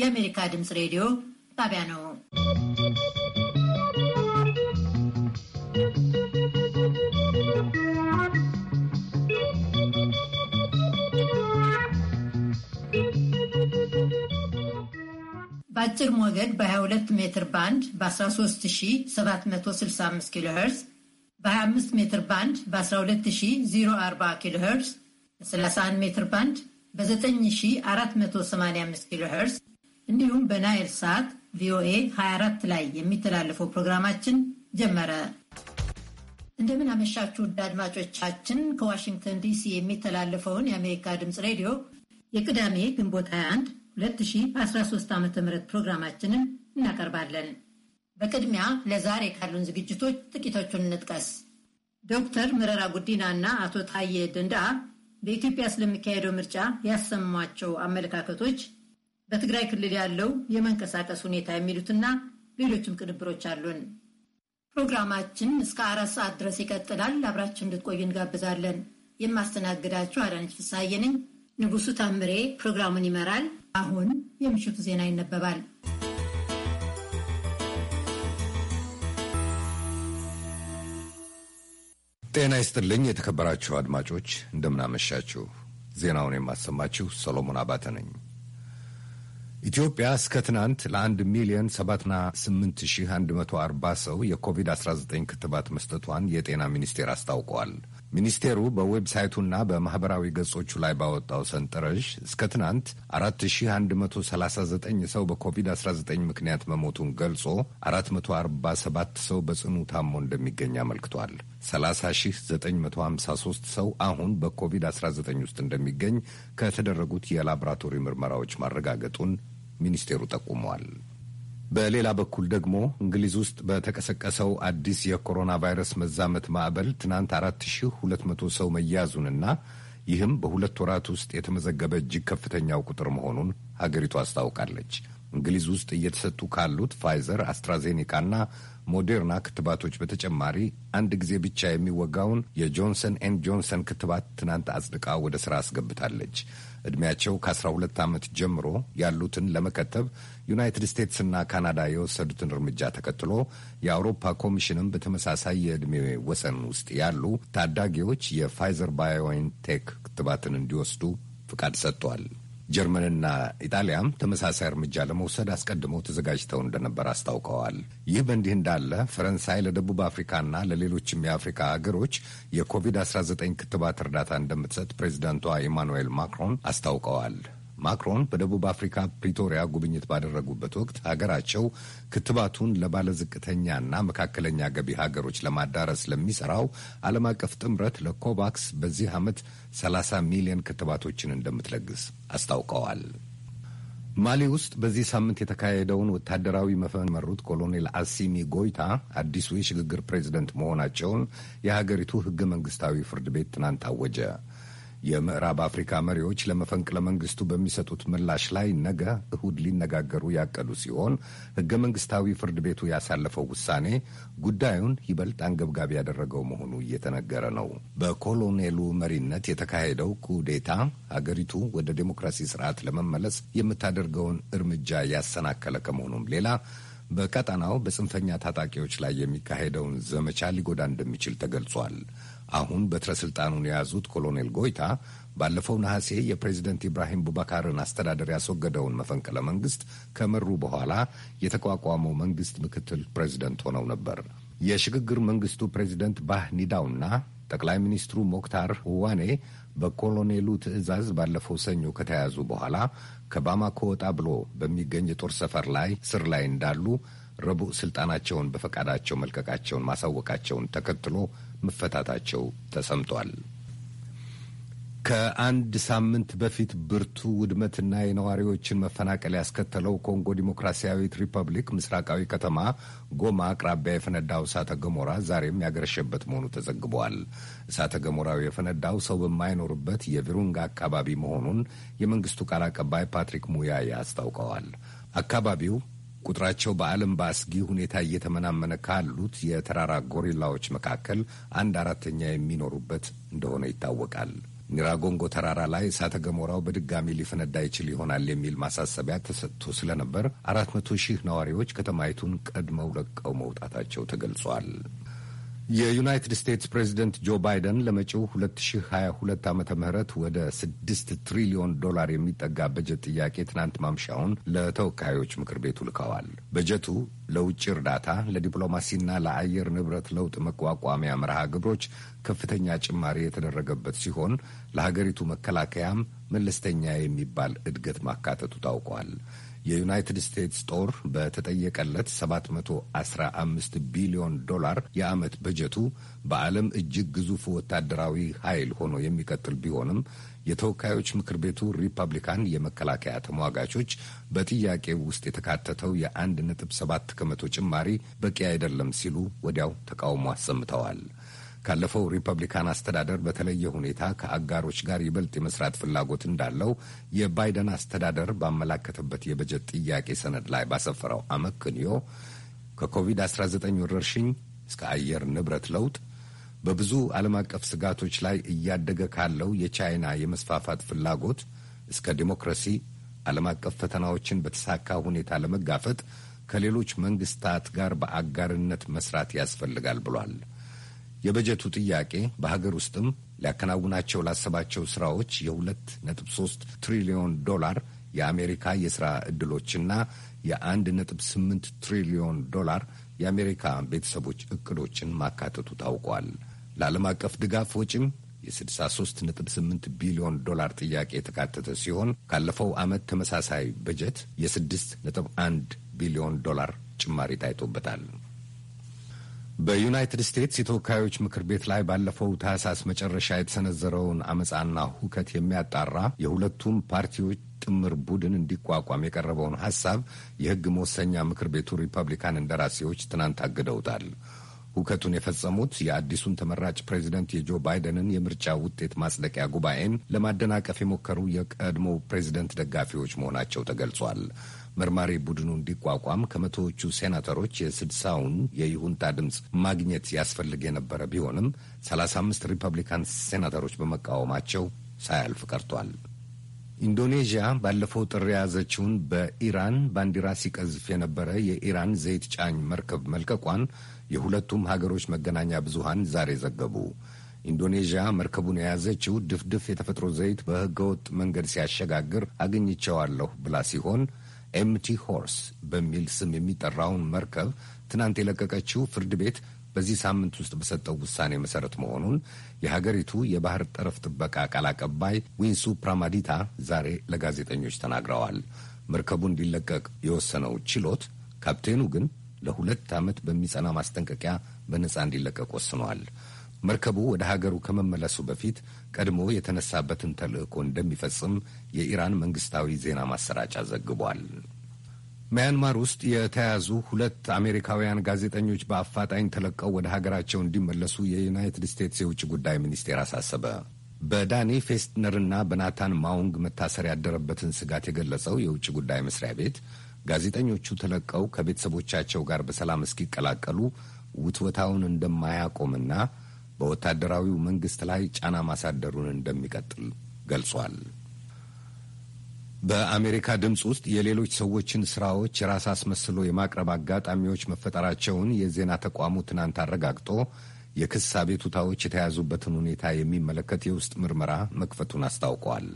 የአሜሪካ ድምፅ ሬዲዮ ጣቢያ ነው። በአጭር ሞገድ በ22 ሜትር ባንድ በ13765 ኪሎ ሄርዝ በ25 ሜትር ባንድ በ12040 ኪሎ ሄርዝ በ31 ሜትር ባንድ በ9485 ኪሎ ሄርዝ እንዲሁም በናይል ሳት ቪኦኤ 24 ላይ የሚተላለፈው ፕሮግራማችን ጀመረ። እንደምን አመሻችሁ ውድ አድማጮቻችን። ከዋሽንግተን ዲሲ የሚተላለፈውን የአሜሪካ ድምፅ ሬዲዮ የቅዳሜ ግንቦት 21 2013 ዓ ም ፕሮግራማችንን እናቀርባለን። በቅድሚያ ለዛሬ ካሉን ዝግጅቶች ጥቂቶቹን እንጥቀስ። ዶክተር መረራ ጉዲና እና አቶ ታዬ ደንዳ በኢትዮጵያ ስለሚካሄደው ምርጫ ያሰሟቸው አመለካከቶች በትግራይ ክልል ያለው የመንቀሳቀስ ሁኔታ የሚሉትና ሌሎችም ቅንብሮች አሉን። ፕሮግራማችን እስከ አራት ሰዓት ድረስ ይቀጥላል። አብራችሁ እንድትቆዩ እንጋብዛለን። የማስተናግዳችሁ አዳነች ፍስሐዬ ነኝ። ንጉሱ ታምሬ ፕሮግራሙን ይመራል። አሁን የምሽቱ ዜና ይነበባል። ጤና ይስጥልኝ የተከበራችሁ አድማጮች፣ እንደምናመሻችሁ። ዜናውን የማሰማችሁ ሰሎሞን አባተ ነኝ። ኢትዮጵያ እስከ ትናንት ለ1 ሚሊዮን 78140 ሰው የኮቪድ-19 ክትባት መስጠቷን የጤና ሚኒስቴር አስታውቀዋል። ሚኒስቴሩ በዌብሳይቱና በማኅበራዊ ገጾቹ ላይ ባወጣው ሰንጠረዥ እስከ ትናንት 4139 ሰው በኮቪድ-19 ምክንያት መሞቱን ገልጾ 447 ሰው በጽኑ ታሞ እንደሚገኝ አመልክቷል። 30953 ሰው አሁን በኮቪድ-19 ውስጥ እንደሚገኝ ከተደረጉት የላቦራቶሪ ምርመራዎች ማረጋገጡን ሚኒስቴሩ ጠቁመዋል። በሌላ በኩል ደግሞ እንግሊዝ ውስጥ በተቀሰቀሰው አዲስ የኮሮና ቫይረስ መዛመት ማዕበል ትናንት 4200 ሰው መያዙንና ይህም በሁለት ወራት ውስጥ የተመዘገበ እጅግ ከፍተኛው ቁጥር መሆኑን ሀገሪቱ አስታውቃለች። እንግሊዝ ውስጥ እየተሰጡ ካሉት ፋይዘር፣ አስትራዜኔካና ሞዴርና ክትባቶች በተጨማሪ አንድ ጊዜ ብቻ የሚወጋውን የጆንሰን ኤንድ ጆንሰን ክትባት ትናንት አጽድቃ ወደ ስራ አስገብታለች። ዕድሜያቸው ከ12 ዓመት ጀምሮ ያሉትን ለመከተብ ዩናይትድ ስቴትስና ካናዳ የወሰዱትን እርምጃ ተከትሎ የአውሮፓ ኮሚሽንም በተመሳሳይ የዕድሜ ወሰን ውስጥ ያሉ ታዳጊዎች የፋይዘር ባዮንቴክ ክትባትን እንዲወስዱ ፍቃድ ሰጥቷል። ጀርመንና ኢጣሊያም ተመሳሳይ እርምጃ ለመውሰድ አስቀድመው ተዘጋጅተው እንደነበር አስታውቀዋል። ይህ በእንዲህ እንዳለ ፈረንሳይ ለደቡብ አፍሪካና ለሌሎችም የአፍሪካ ሀገሮች የኮቪድ-19 ክትባት እርዳታ እንደምትሰጥ ፕሬዚዳንቷ ኢማኑኤል ማክሮን አስታውቀዋል። ማክሮን በደቡብ አፍሪካ ፕሪቶሪያ ጉብኝት ባደረጉበት ወቅት ሀገራቸው ክትባቱን ለባለዝቅተኛና መካከለኛ ገቢ ሀገሮች ለማዳረስ ለሚሰራው ዓለም አቀፍ ጥምረት ለኮቫክስ በዚህ ዓመት 30 ሚሊዮን ክትባቶችን እንደምትለግስ አስታውቀዋል። ማሊ ውስጥ በዚህ ሳምንት የተካሄደውን ወታደራዊ መፈን መሩት ኮሎኔል አሲሚ ጎይታ አዲሱ የሽግግር ፕሬዚደንት መሆናቸውን የሀገሪቱ ህገ መንግስታዊ ፍርድ ቤት ትናንት አወጀ። የምዕራብ አፍሪካ መሪዎች ለመፈንቅለ መንግስቱ በሚሰጡት ምላሽ ላይ ነገ እሁድ ሊነጋገሩ ያቀዱ ሲሆን ህገ መንግስታዊ ፍርድ ቤቱ ያሳለፈው ውሳኔ ጉዳዩን ይበልጥ አንገብጋቢ ያደረገው መሆኑ እየተነገረ ነው። በኮሎኔሉ መሪነት የተካሄደው ኩዴታ አገሪቱ ወደ ዴሞክራሲ ስርዓት ለመመለስ የምታደርገውን እርምጃ ያሰናከለ ከመሆኑም ሌላ በቀጠናው በጽንፈኛ ታጣቂዎች ላይ የሚካሄደውን ዘመቻ ሊጎዳ እንደሚችል ተገልጿል። አሁን በትረ ስልጣኑን የያዙት ኮሎኔል ጎይታ ባለፈው ነሐሴ የፕሬዚደንት ኢብራሂም ቡባካርን አስተዳደር ያስወገደውን መፈንቅለ መንግስት ከመሩ በኋላ የተቋቋመው መንግስት ምክትል ፕሬዚደንት ሆነው ነበር። የሽግግር መንግስቱ ፕሬዚደንት ባህ ኒዳውና ጠቅላይ ሚኒስትሩ ሞክታር ሁዋኔ በኮሎኔሉ ትዕዛዝ ባለፈው ሰኞ ከተያዙ በኋላ ከባማኮ ወጣ ብሎ በሚገኝ የጦር ሰፈር ላይ ስር ላይ እንዳሉ ረቡዕ ስልጣናቸውን በፈቃዳቸው መልቀቃቸውን ማሳወቃቸውን ተከትሎ መፈታታቸው ተሰምቷል። ከአንድ ሳምንት በፊት ብርቱ ውድመትና የነዋሪዎችን መፈናቀል ያስከተለው ኮንጎ ዲሞክራሲያዊት ሪፐብሊክ ምስራቃዊ ከተማ ጎማ አቅራቢያ የፈነዳው እሳተ ገሞራ ዛሬም ያገረሸበት መሆኑ ተዘግቧል። እሳተ ገሞራው የፈነዳው ሰው በማይኖርበት የቪሩንጋ አካባቢ መሆኑን የመንግስቱ ቃል አቀባይ ፓትሪክ ሙያ አስታውቀዋል። አካባቢው ቁጥራቸው በዓለም በአስጊ ሁኔታ እየተመናመነ ካሉት የተራራ ጎሪላዎች መካከል አንድ አራተኛ የሚኖሩበት እንደሆነ ይታወቃል። ኒራጎንጎ ተራራ ላይ እሳተ ገሞራው በድጋሚ ሊፈነዳ ይችል ይሆናል የሚል ማሳሰቢያ ተሰጥቶ ስለነበር አራት መቶ ሺህ ነዋሪዎች ከተማይቱን ቀድመው ለቀው መውጣታቸው ተገልጿል። የዩናይትድ ስቴትስ ፕሬዚደንት ጆ ባይደን ለመጪው 2022 ዓ ም ወደ 6 ትሪሊዮን ዶላር የሚጠጋ በጀት ጥያቄ ትናንት ማምሻውን ለተወካዮች ምክር ቤቱ ልከዋል። በጀቱ ለውጭ እርዳታ፣ ለዲፕሎማሲና ለአየር ንብረት ለውጥ መቋቋሚያ መርሃ ግብሮች ከፍተኛ ጭማሪ የተደረገበት ሲሆን ለሀገሪቱ መከላከያም መለስተኛ የሚባል እድገት ማካተቱ ታውቋል። የዩናይትድ ስቴትስ ጦር በተጠየቀለት 715 ቢሊዮን ዶላር የዓመት በጀቱ በዓለም እጅግ ግዙፍ ወታደራዊ ኃይል ሆኖ የሚቀጥል ቢሆንም የተወካዮች ምክር ቤቱ ሪፐብሊካን የመከላከያ ተሟጋቾች በጥያቄው ውስጥ የተካተተው የአንድ ነጥብ ሰባት ከመቶ ጭማሪ በቂ አይደለም ሲሉ ወዲያው ተቃውሞ አሰምተዋል። ካለፈው ሪፐብሊካን አስተዳደር በተለየ ሁኔታ ከአጋሮች ጋር ይበልጥ የመስራት ፍላጎት እንዳለው የባይደን አስተዳደር ባመላከተበት የበጀት ጥያቄ ሰነድ ላይ ባሰፈረው አመክንዮ ከኮቪድ-19 ወረርሽኝ እስከ አየር ንብረት ለውጥ በብዙ ዓለም አቀፍ ስጋቶች ላይ እያደገ ካለው የቻይና የመስፋፋት ፍላጎት እስከ ዲሞክራሲ ዓለም አቀፍ ፈተናዎችን በተሳካ ሁኔታ ለመጋፈጥ ከሌሎች መንግስታት ጋር በአጋርነት መስራት ያስፈልጋል ብሏል። የበጀቱ ጥያቄ በሀገር ውስጥም ሊያከናውናቸው ላሰባቸው ስራዎች የሁለት ነጥብ ሶስት ትሪሊዮን ዶላር የአሜሪካ የስራ ዕድሎችና የአንድ ነጥብ ስምንት ትሪሊዮን ዶላር የአሜሪካ ቤተሰቦች እቅዶችን ማካተቱ ታውቋል። ለዓለም አቀፍ ድጋፍ ወጪም የ63.8 ቢሊዮን ዶላር ጥያቄ የተካተተ ሲሆን ካለፈው ዓመት ተመሳሳይ በጀት የ6.1 ቢሊዮን ዶላር ጭማሪ ታይቶበታል። በዩናይትድ ስቴትስ የተወካዮች ምክር ቤት ላይ ባለፈው ታህሳስ መጨረሻ የተሰነዘረውን አመፃና ሁከት የሚያጣራ የሁለቱም ፓርቲዎች ጥምር ቡድን እንዲቋቋም የቀረበውን ሀሳብ የህግ መወሰኛ ምክር ቤቱ ሪፐብሊካን እንደራሴዎች ትናንት አግደውታል። ሁከቱን የፈጸሙት የአዲሱን ተመራጭ ፕሬዚደንት የጆ ባይደንን የምርጫ ውጤት ማጽደቂያ ጉባኤን ለማደናቀፍ የሞከሩ የቀድሞው ፕሬዚደንት ደጋፊዎች መሆናቸው ተገልጿል። መርማሪ ቡድኑ እንዲቋቋም ከመቶዎቹ ሴናተሮች የስድሳውን የይሁንታ ድምፅ ማግኘት ያስፈልግ የነበረ ቢሆንም ሰላሳ አምስት ሪፐብሊካን ሴናተሮች በመቃወማቸው ሳያልፍ ቀርቷል። ኢንዶኔዥያ ባለፈው ጥር የያዘችውን በኢራን ባንዲራ ሲቀዝፍ የነበረ የኢራን ዘይት ጫኝ መርከብ መልቀቋን የሁለቱም ሀገሮች መገናኛ ብዙሃን ዛሬ ዘገቡ። ኢንዶኔዥያ መርከቡን የያዘችው ድፍድፍ የተፈጥሮ ዘይት በሕገወጥ መንገድ ሲያሸጋግር አግኝቸዋለሁ ብላ ሲሆን ኤምቲ ሆርስ በሚል ስም የሚጠራውን መርከብ ትናንት የለቀቀችው ፍርድ ቤት በዚህ ሳምንት ውስጥ በሰጠው ውሳኔ መሰረት መሆኑን የሀገሪቱ የባህር ጠረፍ ጥበቃ ቃል አቀባይ ዊንሱ ፕራማዲታ ዛሬ ለጋዜጠኞች ተናግረዋል። መርከቡ እንዲለቀቅ የወሰነው ችሎት ካፕቴኑ ግን ለሁለት ዓመት በሚጸና ማስጠንቀቂያ በነፃ እንዲለቀቅ ወስኗል። መርከቡ ወደ ሀገሩ ከመመለሱ በፊት ቀድሞ የተነሳበትን ተልዕኮ እንደሚፈጽም የኢራን መንግስታዊ ዜና ማሰራጫ ዘግቧል። ሚያንማር ውስጥ የተያዙ ሁለት አሜሪካውያን ጋዜጠኞች በአፋጣኝ ተለቀው ወደ ሀገራቸው እንዲመለሱ የዩናይትድ ስቴትስ የውጭ ጉዳይ ሚኒስቴር አሳሰበ። በዳኒ ፌስትነርና በናታን ማውንግ መታሰር ያደረበትን ስጋት የገለጸው የውጭ ጉዳይ መስሪያ ቤት ጋዜጠኞቹ ተለቀው ከቤተሰቦቻቸው ጋር በሰላም እስኪቀላቀሉ ውትወታውን እንደማያቆምና በወታደራዊው መንግስት ላይ ጫና ማሳደሩን እንደሚቀጥል ገልጿል። በአሜሪካ ድምፅ ውስጥ የሌሎች ሰዎችን ስራዎች ራስ አስመስሎ የማቅረብ አጋጣሚዎች መፈጠራቸውን የዜና ተቋሙ ትናንት አረጋግጦ የክስ አቤቱታዎች የተያዙበትን ሁኔታ የሚመለከት የውስጥ ምርመራ መክፈቱን አስታውቋል።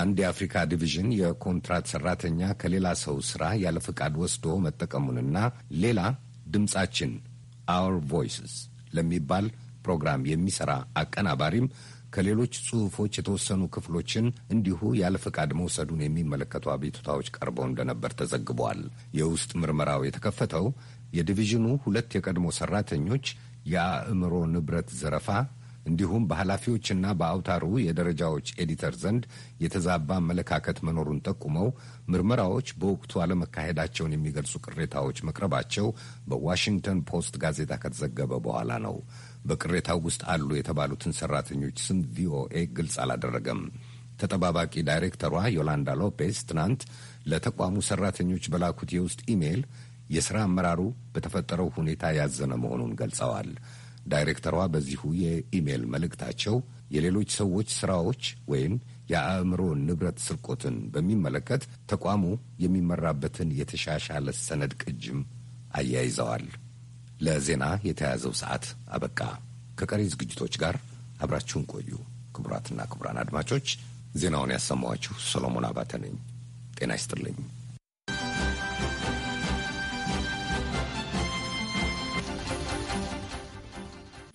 አንድ የአፍሪካ ዲቪዥን የኮንትራት ሰራተኛ ከሌላ ሰው ስራ ያለ ፈቃድ ወስዶ መጠቀሙንና ሌላ ድምፃችን አውር ቮይስስ ለሚባል ፕሮግራም የሚሰራ አቀናባሪም ከሌሎች ጽሁፎች የተወሰኑ ክፍሎችን እንዲሁ ያለ ፈቃድ መውሰዱን የሚመለከቱ አቤቱታዎች ቀርበው እንደነበር ተዘግቧል። የውስጥ ምርመራው የተከፈተው የዲቪዥኑ ሁለት የቀድሞ ሰራተኞች የአእምሮ ንብረት ዘረፋ እንዲሁም በኃላፊዎችና በአውታሩ የደረጃዎች ኤዲተር ዘንድ የተዛባ አመለካከት መኖሩን ጠቁመው ምርመራዎች በወቅቱ አለመካሄዳቸውን የሚገልጹ ቅሬታዎች መቅረባቸው በዋሽንግተን ፖስት ጋዜጣ ከተዘገበ በኋላ ነው። በቅሬታው ውስጥ አሉ የተባሉትን ሰራተኞች ስም ቪኦኤ ግልጽ አላደረገም። ተጠባባቂ ዳይሬክተሯ ዮላንዳ ሎፔዝ ትናንት ለተቋሙ ሰራተኞች በላኩት የውስጥ ኢሜይል የሥራ አመራሩ በተፈጠረው ሁኔታ ያዘነ መሆኑን ገልጸዋል። ዳይሬክተሯ በዚሁ የኢሜይል መልእክታቸው የሌሎች ሰዎች ስራዎች ወይም የአእምሮ ንብረት ስርቆትን በሚመለከት ተቋሙ የሚመራበትን የተሻሻለ ሰነድ ቅጅም አያይዘዋል። ለዜና የተያዘው ሰዓት አበቃ። ከቀሪ ዝግጅቶች ጋር አብራችሁን ቆዩ። ክቡራትና ክቡራን አድማጮች ዜናውን ያሰማኋችሁ ሰሎሞን አባተ ነኝ። ጤና ይስጥልኝ።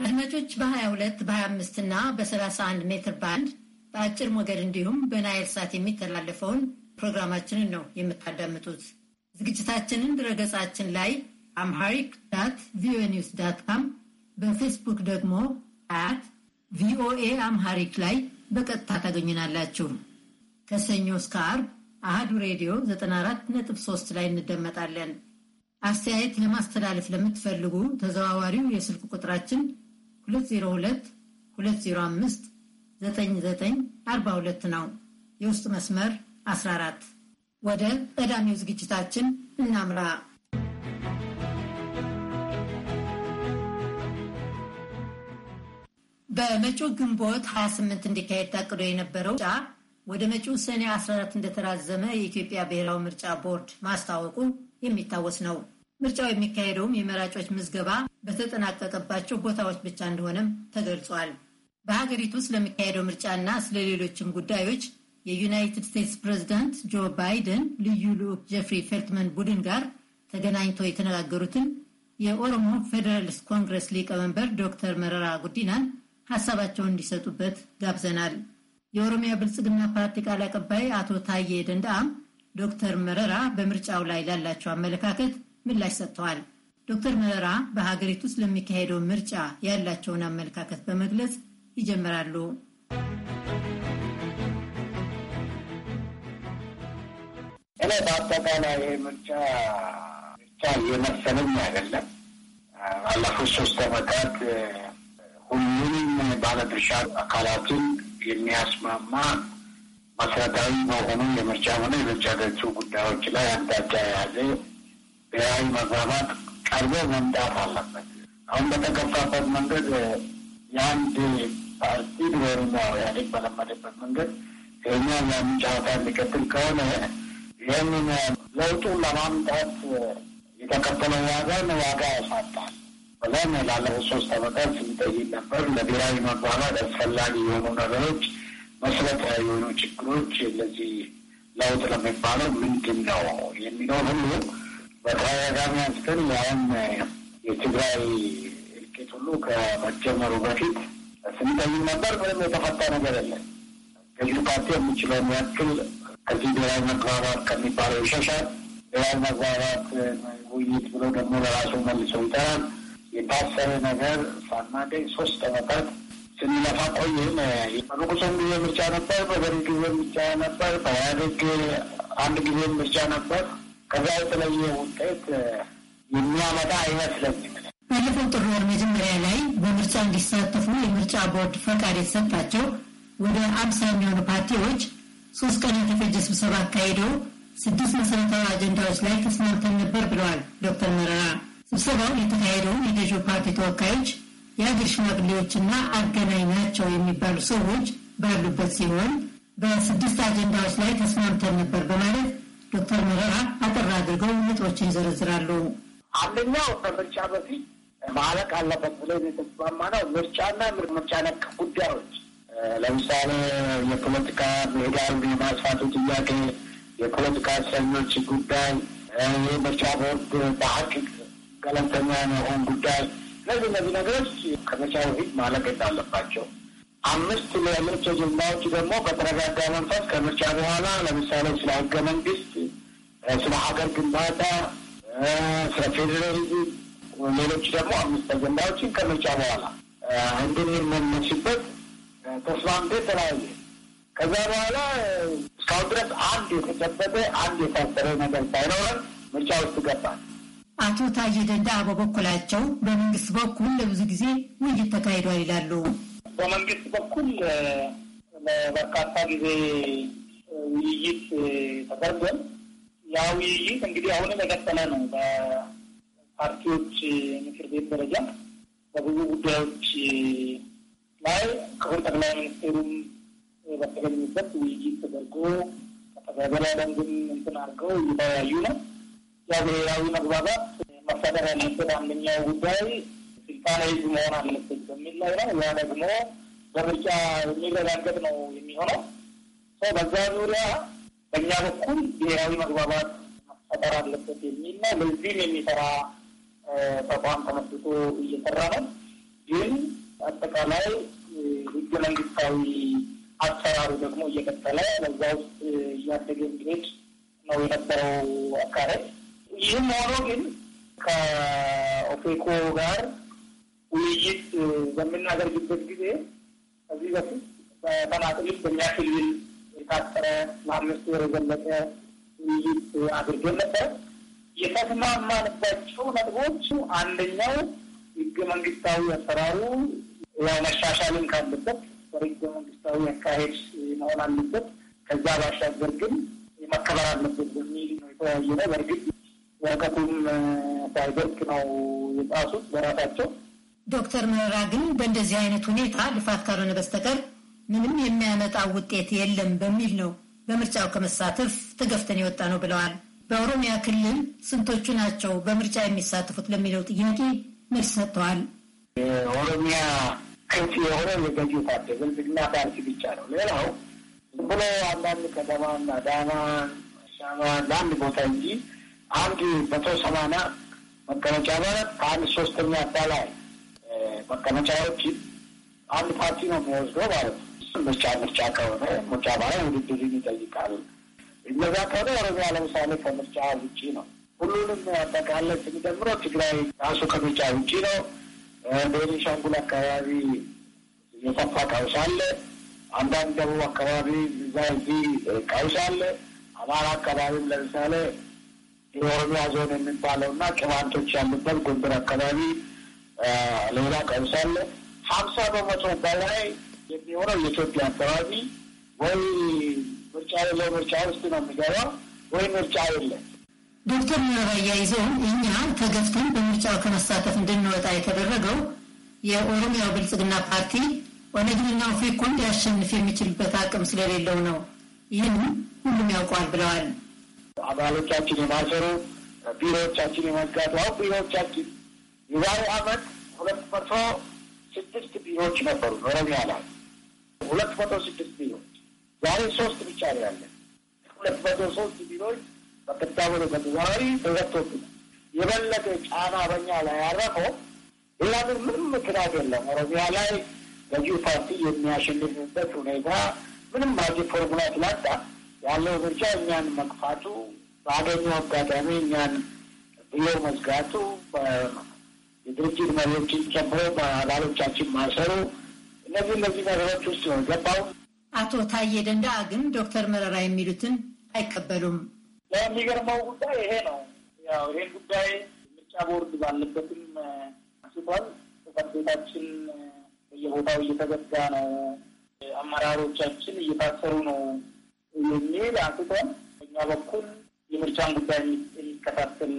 አድማጮች በ22 በ25 እና በ31 ሜትር ባንድ በአጭር ሞገድ እንዲሁም በናይል ሳት የሚተላለፈውን ፕሮግራማችንን ነው የምታዳምጡት። ዝግጅታችንን ድረገጻችን ላይ አምሃሪክ ዳት ቪኦኤ ኒውስ ዳት ካም፣ በፌስቡክ ደግሞ አት ቪኦኤ አምሃሪክ ላይ በቀጥታ ታገኝናላችሁ። ከሰኞ እስከ አርብ አሃዱ ሬዲዮ 94.3 ላይ እንደመጣለን። አስተያየት ለማስተላለፍ ለምትፈልጉ ተዘዋዋሪው የስልክ ቁጥራችን 2022059942 ነው። የውስጥ መስመር 14 ወደ ቀዳሚው ዝግጅታችን እናምራ። በመጪው ግንቦት 28 እንዲካሄድ ታቅዶ የነበረው ምርጫ ወደ መጪው ሰኔ 14 እንደተራዘመ የኢትዮጵያ ብሔራዊ ምርጫ ቦርድ ማስታወቁ የሚታወስ ነው። ምርጫው የሚካሄደውም የመራጮች ምዝገባ በተጠናቀቀባቸው ቦታዎች ብቻ እንደሆነም ተገልጿል። በሀገሪቱ ስለሚካሄደው ምርጫና ስለ ሌሎችም ጉዳዮች የዩናይትድ ስቴትስ ፕሬዚዳንት ጆ ባይደን ልዩ ልዑክ ጀፍሪ ፌልትመን ቡድን ጋር ተገናኝተው የተነጋገሩትን የኦሮሞ ፌዴራሊስት ኮንግረስ ሊቀመንበር ዶክተር መረራ ጉዲናን ሀሳባቸውን እንዲሰጡበት ጋብዘናል። የኦሮሚያ ብልጽግና ፓርቲ ቃል አቀባይ አቶ ታዬ ደንዳአም ዶክተር መረራ በምርጫው ላይ ላላቸው አመለካከት ምላሽ ሰጥተዋል። ዶክተር መረራ በሀገሪቱ ውስጥ ለሚካሄደው ምርጫ ያላቸውን አመለካከት በመግለጽ ይጀምራሉ። እኔ በአጠቃላይ ይህ ምርጫ ብቻ የመሰለኝ አይደለም። ባለፉት ሶስት ዓመታት ሁሉንም ባለድርሻ አካላትን የሚያስማማ መሰረታዊ በሆኑ የምርጫ ሆነ የምርጫ ገቹ ጉዳዮች ላይ አቅጣጫ የያዘ ብሔራዊ መግባባት ቀርቦ መምጣት አለበት። አሁን በተገፋበት መንገድ የአንድ ፓርቲ ድሮና ኢህአዴግ በለመደበት መንገድ ይህኛ ያን ጨዋታ የሚቀጥል ከሆነ ይህንን ለውጡን ለማምጣት የተከፈለው ዋጋን ዋጋ ያሳጣል። ብለን ላለፉት ሶስት አመታት ስንጠይቅ ነበር። ለብሔራዊ መግባባት አስፈላጊ የሆኑ ነገሮች፣ መሰረታዊ የሆኑ ችግሮች ለዚህ ለውጥ ለሚባለው ምንድን ነው የሚለው ሁሉ በተደጋጋሚ አንስተን ያም የትግራይ እልቂት ሁሉ ከመጀመሩ በፊት ስንጠይቅ ነበር። ምንም የተፈታ ነገር የለም። ገዢ ፓርቲ የሚችለውን ያክል ከዚህ ብሔራዊ መግባባት ከሚባለው ይሸሻል። ብሔራዊ መግባባት ውይይት ብሎ ደግሞ ለራሱ መልሶ ይጠራል። የታሰበ ነገር ሳናገኝ ሶስት አመታት ስንለፋ ቆይም በንጉሶም ጊዜ ምርጫ ነበር፣ በገሪ ጊዜ ምርጫ ነበር፣ በኢህአዴግ አንድ ጊዜ ምርጫ ነበር። ከዛ የተለየ ውጤት የሚያመጣ አይመስለኝም። ባለፈው ጥር ወር መጀመሪያ ላይ በምርጫ እንዲሳተፉ የምርጫ ቦርድ ፈቃድ የተሰጣቸው ወደ አምሳ የሚሆኑ ፓርቲዎች ሶስት ቀን የተፈጀ ስብሰባ አካሂደው ስድስት መሰረታዊ አጀንዳዎች ላይ ተስማምተን ነበር ብለዋል ዶክተር መረራ ስብሰባው የተካሄደው የገዢው ፓርቲ ተወካዮች የሀገር ሽማግሌዎችና አገናኝ ናቸው የሚባሉ ሰዎች ባሉበት ሲሆን በስድስት አጀንዳዎች ላይ ተስማምተን ነበር በማለት ዶክተር መረራ አጠር አድርገው ነጥቦችን ይዘረዝራሉ። አንደኛው ከምርጫ በፊት ማለቅ አለበት ብለን የተስማማ ነው። ምርጫና ምርጫ ነክ ጉዳዮች ለምሳሌ የፖለቲካ ምህዳር የማስፋቱ ጥያቄ፣ የፖለቲካ እስረኞች ጉዳይ፣ የምርጫ ቦርድ በሀቅ ገለልተኛ የመሆን ጉዳይ እነዚህ እነዚህ ነገሮች ከመቻው ፊት ማለቀቅ አለባቸው። አምስት ሌሎች አጀንዳዎች ደግሞ በተረጋጋ መንፈስ ከምርጫ በኋላ ለምሳሌ ስለ ህገ መንግስት፣ ስለ ሀገር ግንባታ፣ ስለ ፌዴራሊዝም፣ ሌሎች ደግሞ አምስት አጀንዳዎችን ከምርጫ በኋላ እንድንመመስበት ተስማምተን ተለያየ። ከዛ በኋላ እስካሁን ድረስ አንድ የተጨበጠ አንድ የታሰረ ነገር ሳይኖረን ምርጫ ውስጥ ገባል። አቶ ታዬ ደንዳ በበኩላቸው በመንግስት በኩል ለብዙ ጊዜ ውይይት ተካሂዷል ይላሉ። በመንግስት በኩል ለበርካታ ጊዜ ውይይት ተደርጓል። ያ ውይይት እንግዲህ አሁንም የቀጠለ ነው። በፓርቲዎች ምክር ቤት ደረጃ በብዙ ጉዳዮች ላይ ክቡር ጠቅላይ ሚኒስትሩም በተገኙበት ውይይት ተደርጎ ከተገበሪያ ደንግም እንትን አድርገው እየተወያዩ ነው። በብሔራዊ መግባባት መፈጠር ያለበት አንደኛው ጉዳይ ስልጣን ህዝብ መሆን አለበት በሚል ላይ ነው። ያ ደግሞ በምርጫ የሚረጋገጥ ነው የሚሆነው። በዛ ዙሪያ በእኛ በኩል ብሔራዊ መግባባት መፈጠር አለበት የሚል ለዚህም የሚሰራ ተቋም ተመስርቶ እየሰራ ነው። ግን አጠቃላይ ህገ መንግስታዊ አሰራሩ ደግሞ እየቀጠለ በዛ ውስጥ እያደገ እንዲሄድ ነው የነበረው አካሄድ። ይህም ሆኖ ግን ከኦፌኮ ጋር ውይይት በምናደርግበት ጊዜ ከዚህ በፊት በተናጥልት በእኛ ክልል የታጠረ ለአምስት ወር የዘለቀ ውይይት አድርገን ነበር። የተስማማንባቸው ነጥቦች አንደኛው ህገ መንግስታዊ አሰራሩ ያው መሻሻልን ካለበት በህገ መንግስታዊ አካሄድ መሆን አለበት። ከዛ ባሻገር ግን መከበር አለበት በሚል ነው የተወያየ ነው። በእርግጥ ወረቀቱን ሳይደርቅ ነው የጣሱት በራሳቸው። ዶክተር መረራ ግን በእንደዚህ አይነት ሁኔታ ልፋት ካልሆነ በስተቀር ምንም የሚያመጣ ውጤት የለም በሚል ነው በምርጫው ከመሳተፍ ተገፍተን የወጣ ነው ብለዋል። በኦሮሚያ ክልል ስንቶቹ ናቸው በምርጫ የሚሳተፉት ለሚለው ጥያቄ መልስ ሰጥተዋል። የኦሮሚያ ክፍት የሆነ የገዢ ፓርቲ ብልጽግና ፓርቲ ብቻ ነው። ሌላው ብሎ አንዳንድ ከተማ ከተማና ዳማ ሻማ ለአንድ ቦታ እንጂ አንድ መቶ ሰማንያ መቀመጫ ማለት ከአንድ ሶስተኛ በላይ መቀመጫዎች አንድ ፓርቲ ነው የሚወስደው ማለት ነው። ምርጫ ምርጫ ከሆነ ምርጫ ማለት ውድድር ይጠይቃል። እነዛ ከሆነ ኦሮሚያ ለምሳሌ ከምርጫ ውጭ ነው። ሁሉንም አጠቃላይ ስንደምረው ትግራይ ራሱ ከምርጫ ውጭ ነው። ቤኒሻንጉል አካባቢ የሰፋ ቀውስ አለ። አንዳንድ ደቡብ አካባቢ እዛ እዚህ ቀውስ አለ። አማራ አካባቢም ለምሳሌ የኦሮሚያ ዞን የሚባለው እና ቅማንቶች ያሉበት ጎንደር አካባቢ ሌላ ቀውስ አለ። ሀምሳ በመቶ በላይ የሚሆነው የኢትዮጵያ አካባቢ ወይ ምርጫ የለው ምርጫ ውስጥ ነው የሚገባው ወይ ምርጫ የለም። ዶክተር ምረራ ይዘው እኛ ተገፍተን በምርጫው ከመሳተፍ እንድንወጣ የተደረገው የኦሮሚያው ብልጽግና ፓርቲ ኦነግንና ኦፌኮን ሊያሸንፍ የሚችልበት አቅም ስለሌለው ነው። ይህንም ሁሉም ያውቋል ብለዋል። አባሎቻችን የማሰሩ ቢሮዎቻችን የመዝጋቱ አሁን ቢሮዎቻችን የዛሬ አመት ሁለት መቶ ስድስት ቢሮዎች ነበሩ ኦሮሚያ ላይ ሁለት መቶ ስድስት ቢሮዎች ዛሬ ሶስት ብቻ ነው ያለን። ሁለት መቶ ሶስት ቢሮዎች በቀዳበሎ በተዘዋዋሪ ተዘግቶብ የበለጠ ጫና በኛ ላይ ያረፈው ሌላምን ምንም ምክንያት የለም። ኦሮሚያ ላይ ገዢው ፓርቲ የሚያሸንፍበት ሁኔታ ምንም ማጅ ፎርሙላ ስላጣ ያለው ምርጫ እኛን መግፋቱ፣ ባገኘው አጋጣሚ እኛን ብሎ መዝጋቱ፣ የድርጅት መሪዎችን ጨምሮ በአባሎቻችን ማሰሩ፣ እነዚህ እነዚህ ነገሮች ውስጥ ነው ገባው። አቶ ታዬ ደንዳ ግን ዶክተር መረራ የሚሉትን አይቀበሉም። የሚገርመው ጉዳይ ይሄ ነው። ያው ይሄን ጉዳይ ምርጫ ቦርድ ባለበትም አስቷል። ጽሕፈት ቤታችን በየቦታው እየተዘጋ ነው፣ አመራሮቻችን እየታሰሩ ነው የሚል አንስቷል። በእኛ በኩል የምርጫን ጉዳይ የሚከታተል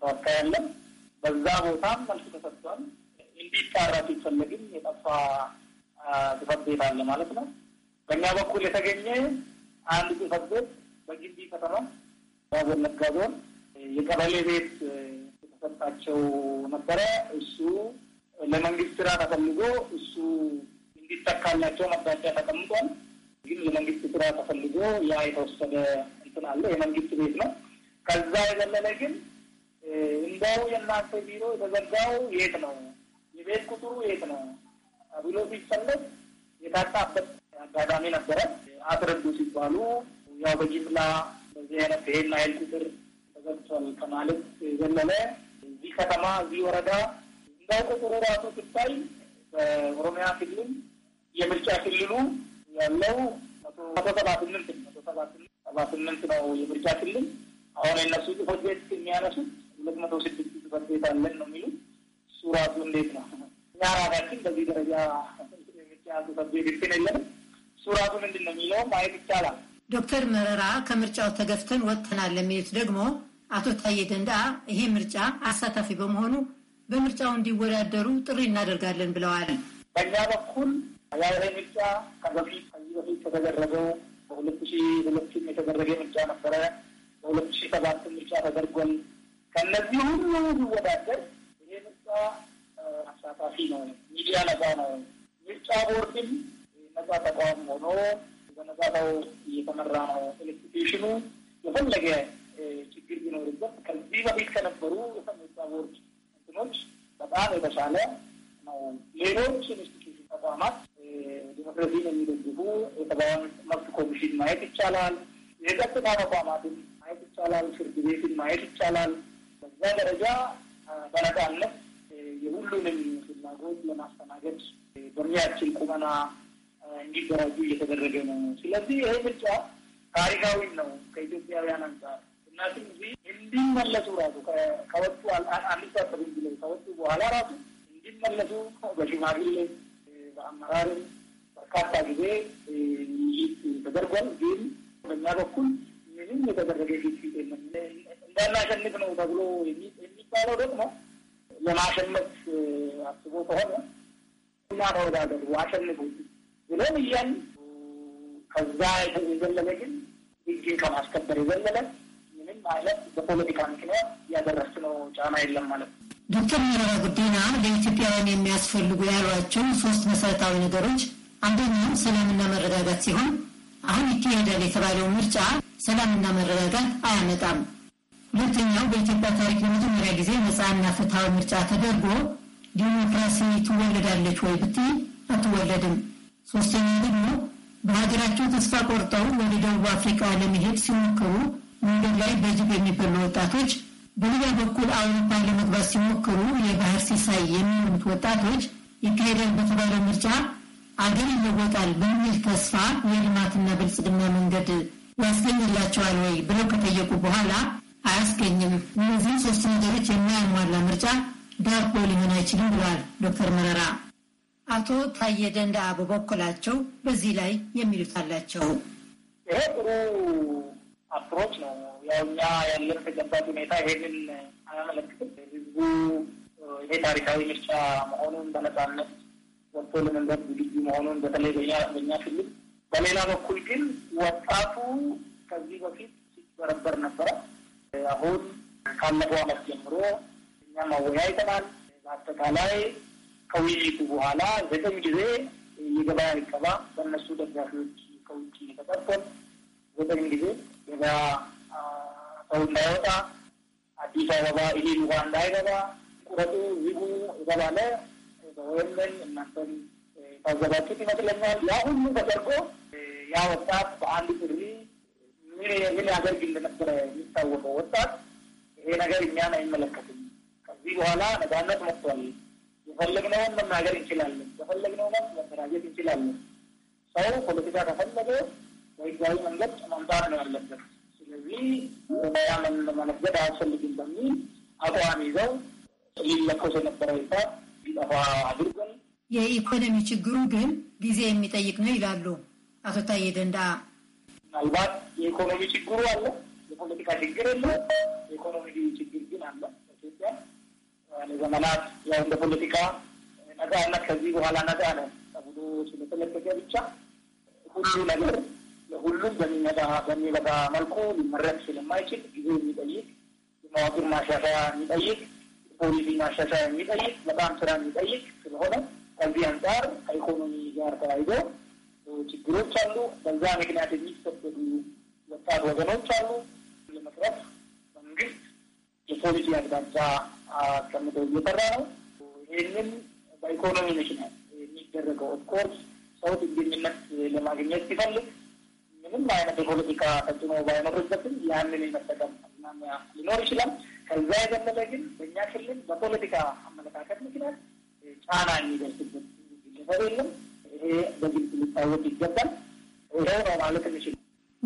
ተወካይ ያለን በዛ ቦታም መልሱ ተሰጥቷል። እንዲጣራ ሲፈለግም የጠፋ ጽፈት ቤት አለ ማለት ነው። በእኛ በኩል የተገኘ አንድ ጽፈት ቤት በግቢ ከተማ ባዘነጋ መጋዞን የቀበሌ ቤት የተሰጣቸው ነበረ። እሱ ለመንግስት ስራ ተፈልጎ እሱ እንዲተካላቸው መጋጫ ተቀምጧል። ግን የመንግስት ስራ ተፈልጎ ያ የተወሰደ እንትን አለ። የመንግስት ቤት ነው። ከዛ የዘለለ ግን እንደው የእናንተ ቢሮ የተዘጋው የት ነው? የቤት ቁጥሩ የት ነው ብሎ ሲፈለግ የታጣበት አጋጣሚ ነበረ። አትረዱ ሲባሉ ያው በጅምላ በዚህ አይነት ይሄን አይል ቁጥር ተዘግቷል ከማለት የዘለለ እዚህ ከተማ እዚህ ወረዳ እንደው ቁጥሩ ራሱ ሲታይ በኦሮሚያ ክልል የምርጫ ክልሉ ያለው መቶ ሰባ ስምንት መቶ ሰባ ስምንት ነው የምርጫ ክልል። አሁን የነሱ ጽህፈት ቤት የሚያነሱት ሁለት መቶ ስድስት ጽህፈት ቤት አለን ነው የሚሉ እሱ ራሱ እንዴት ነው እኛ ራሳችን በዚህ ደረጃ የምርጫ ጽህፈት ቤት እንትን የለንም። እሱ ራሱ ምንድን ነው የሚለው ማየት ይቻላል። ዶክተር መረራ ከምርጫው ተገፍተን ወጥተናል ለሚሉት ደግሞ አቶ ታዬ ደንዳ ይሄ ምርጫ አሳታፊ በመሆኑ በምርጫው እንዲወዳደሩ ጥሪ እናደርጋለን ብለዋል። በእኛ በኩል ያው ይሄ ምርጫ ከበፊት ከዚህ በፊት የተደረገው በሁለት ሺ ሁለትም የተደረገ ምርጫ ነበረ። በሁለት ሺ ሰባት ምርጫ ተደርጓል። ከእነዚህ ሁሉ ሊወዳደር ይሄ ምርጫ አሳታፊ ነው፣ ሚዲያ ነጻ ነው። ምርጫ ቦርድም ነጻ ተቋም ሆኖ በነጻ ሰው እየተመራ ነው። ኢንስቲትዩሽኑ የፈለገ ችግር ቢኖርበት ከዚህ በፊት ከነበሩ ምርጫ ቦርድ እንትኖች በጣም የተሻለ ነው። ሌሎች ኢንስቲትዩሽን ተቋማት ዲሞክራሲን የሚደግፉ የሰብአዊ መብት ኮሚሽን ማየት ይቻላል። የጸጥታ ተቋማትን ማየት ይቻላል። ፍርድ ቤትን ማየት ይቻላል። በዛ ደረጃ በነጻነት የሁሉንም ፍላጎት ለማስተናገድ በሚያስችል ቁመና እንዲደራጁ እየተደረገ ነው። ስለዚህ ይሄ ምርጫ ታሪካዊ ነው ከኢትዮጵያውያን አንጻር እና ስለዚህ እንዲመለሱ ራሱ ከወጡ አንዲሳሰብም ብለው ከወጡ በኋላ ራሱ እንዲመለሱ በሽማግሌ በአመራርም በርካታ ጊዜ ተደርጓል። ግን በእኛ በኩል ምንም የተደረገ ግፊት የለም። እንዳናሸንፍ ነው ተብሎ የሚባለው ደግሞ ለማሸነፍ አስቦ ከሆነ እና ተወዳደሩ አሸንፉ ብለን እያን ከዛ የዘለለ ግን ህግን ከማስከበር የዘለለ ምንም አይነት በፖለቲካ ምክንያት ያደረስነው ጫና የለም ማለት ነው። ዶክተር መረራ ጉዲና ለኢትዮጵያውያን የሚያስፈልጉ ያሏቸው ሶስት መሰረታዊ ነገሮች አንደኛው ሰላምና መረጋጋት ሲሆን አሁን ይካሄዳል የተባለው ምርጫ ሰላምና መረጋጋት አያመጣም። ሁለተኛው በኢትዮጵያ ታሪክ ለመጀመሪያ ጊዜ ነፃና ፍትሐዊ ምርጫ ተደርጎ ዲሞክራሲ ትወለዳለች ወይ ብትይ አትወለድም። ሶስተኛ ደግሞ በሀገራቸው ተስፋ ቆርጠው ወደ ደቡብ አፍሪካ ለመሄድ ሲሞክሩ መንገድ ላይ በጅብ የሚበሉ ወጣቶች በሊቢያ በኩል አውሮፓ ለመግባት ሲሞክሩ የባህር ሲሳይ የሚሆኑት ወጣቶች ይካሄዳል በተባለ ምርጫ አገር ይለወጣል በሚል ተስፋ የልማትና ብልጽግና መንገድ ያስገኝላቸዋል ወይ ብለው ከጠየቁ በኋላ አያስገኝም፣ እነዚህም ሶስት ነገሮች የማያሟላ ምርጫ ዳርኮ ሊሆን አይችልም ብለዋል ዶክተር መረራ። አቶ ታዬ ደንደአ በበኩላቸው በዚህ ላይ የሚሉት አላቸው። ይሄ ጥሩ አፕሮች ነው እኛ ተጨባጭ ሁኔታ ይሄንን አያመለክትም። ህዝቡ ይሄ ታሪካዊ ምርጫ መሆኑን በነፃነት ወጥቶ ለመንበር ዝግጁ መሆኑን በተለይ በኛ ክልል፣ በሌላ በኩል ግን ወጣቱ ከዚህ በፊት ሲበረበር ነበረ። አሁን ካለፈው አመት ጀምሮ ማወያ አወያይተናል። በአጠቃላይ ከውይይቱ በኋላ ዘጠኝ ጊዜ የገበያ ይቀባ በእነሱ ደጋፊዎች ከውጭ የተጠርቶን ዘጠኝ ጊዜ ገበያ ሰው እንዳይወጣ አዲስ አበባ ይሄ ውሃ እንዳይገባ ቁረጡ ዝጉ የተባለ በወለል እናንተን ታዘባችሁት ይመስለኛል። ያ ሁሉ ተደርጎ ያ ወጣት በአንድ ጥሪ ምን ያደርግ እንደነበረ የሚታወቀው ወጣት ይሄ ነገር እኛን አይመለከትም፣ ከዚህ በኋላ ነጻነት መጥቷል፣ የፈለግነውን መናገር እንችላለን፣ የፈለግነው መብት መደራጀት እንችላለን። ሰው ፖለቲካ ከፈለገ በህጋዊ መንገድ መምጣት ነው ያለበት። ስለዚህ ያንን ለመነገድ አያስፈልግም በሚል አቋም ይዘው ሊለኮስ የነበረ ሂሳብ ሊጠፋ አድርገን የኢኮኖሚ ችግሩ ግን ጊዜ የሚጠይቅ ነው ይላሉ አቶ ታዬ ደንዳ። ምናልባት የኢኮኖሚ ችግሩ አለ፣ የፖለቲካ ችግር የለ። የኢኮኖሚ ችግር ግን አለ። ኢትዮጵያ ለዘመናት ያው እንደ ፖለቲካ ነጻነት ከዚህ በኋላ ነጻ ነው ተብሎ ስለተለቀቀ ብቻ ሁሉ ነገር ሁሉም በሚበቃ መልኩ ሊመረቅ ስለማይችል ጊዜ የሚጠይቅ የማዋቅር ማሻሻያ የሚጠይቅ የፖሊሲ ማሻሻያ የሚጠይቅ በጣም ስራ የሚጠይቅ ስለሆነ ከዚህ አንጻር ከኢኮኖሚ ጋር ተያይዞ ችግሮች አሉ። በዛ ምክንያት የሚሰደዱ ወጣት ወገኖች አሉ። ለመቅረፍ መንግስት የፖሊሲ አቅጣጫ አስቀምጠው እየሰራ ነው። ይህንን በኢኮኖሚ ምክንያት የሚደረገው ኦፍኮርስ ሰው ጥገኝነት ለማግኘት ሲፈልግ ምንም አይነት የፖለቲካ ተጽዕኖ ባይኖርበትም ያንን የመጠቀም አዝማሚያ ሊኖር ይችላል። ከዛ የዘለለ ግን በእኛ ክልል በፖለቲካ አመለካከት ምክንያት ጫና የሚደርስበት ግለሰብ የለም። ይሄ በግልጽ ሊታወቅ ይገባል። ይሄ ነው ማለት እንችል።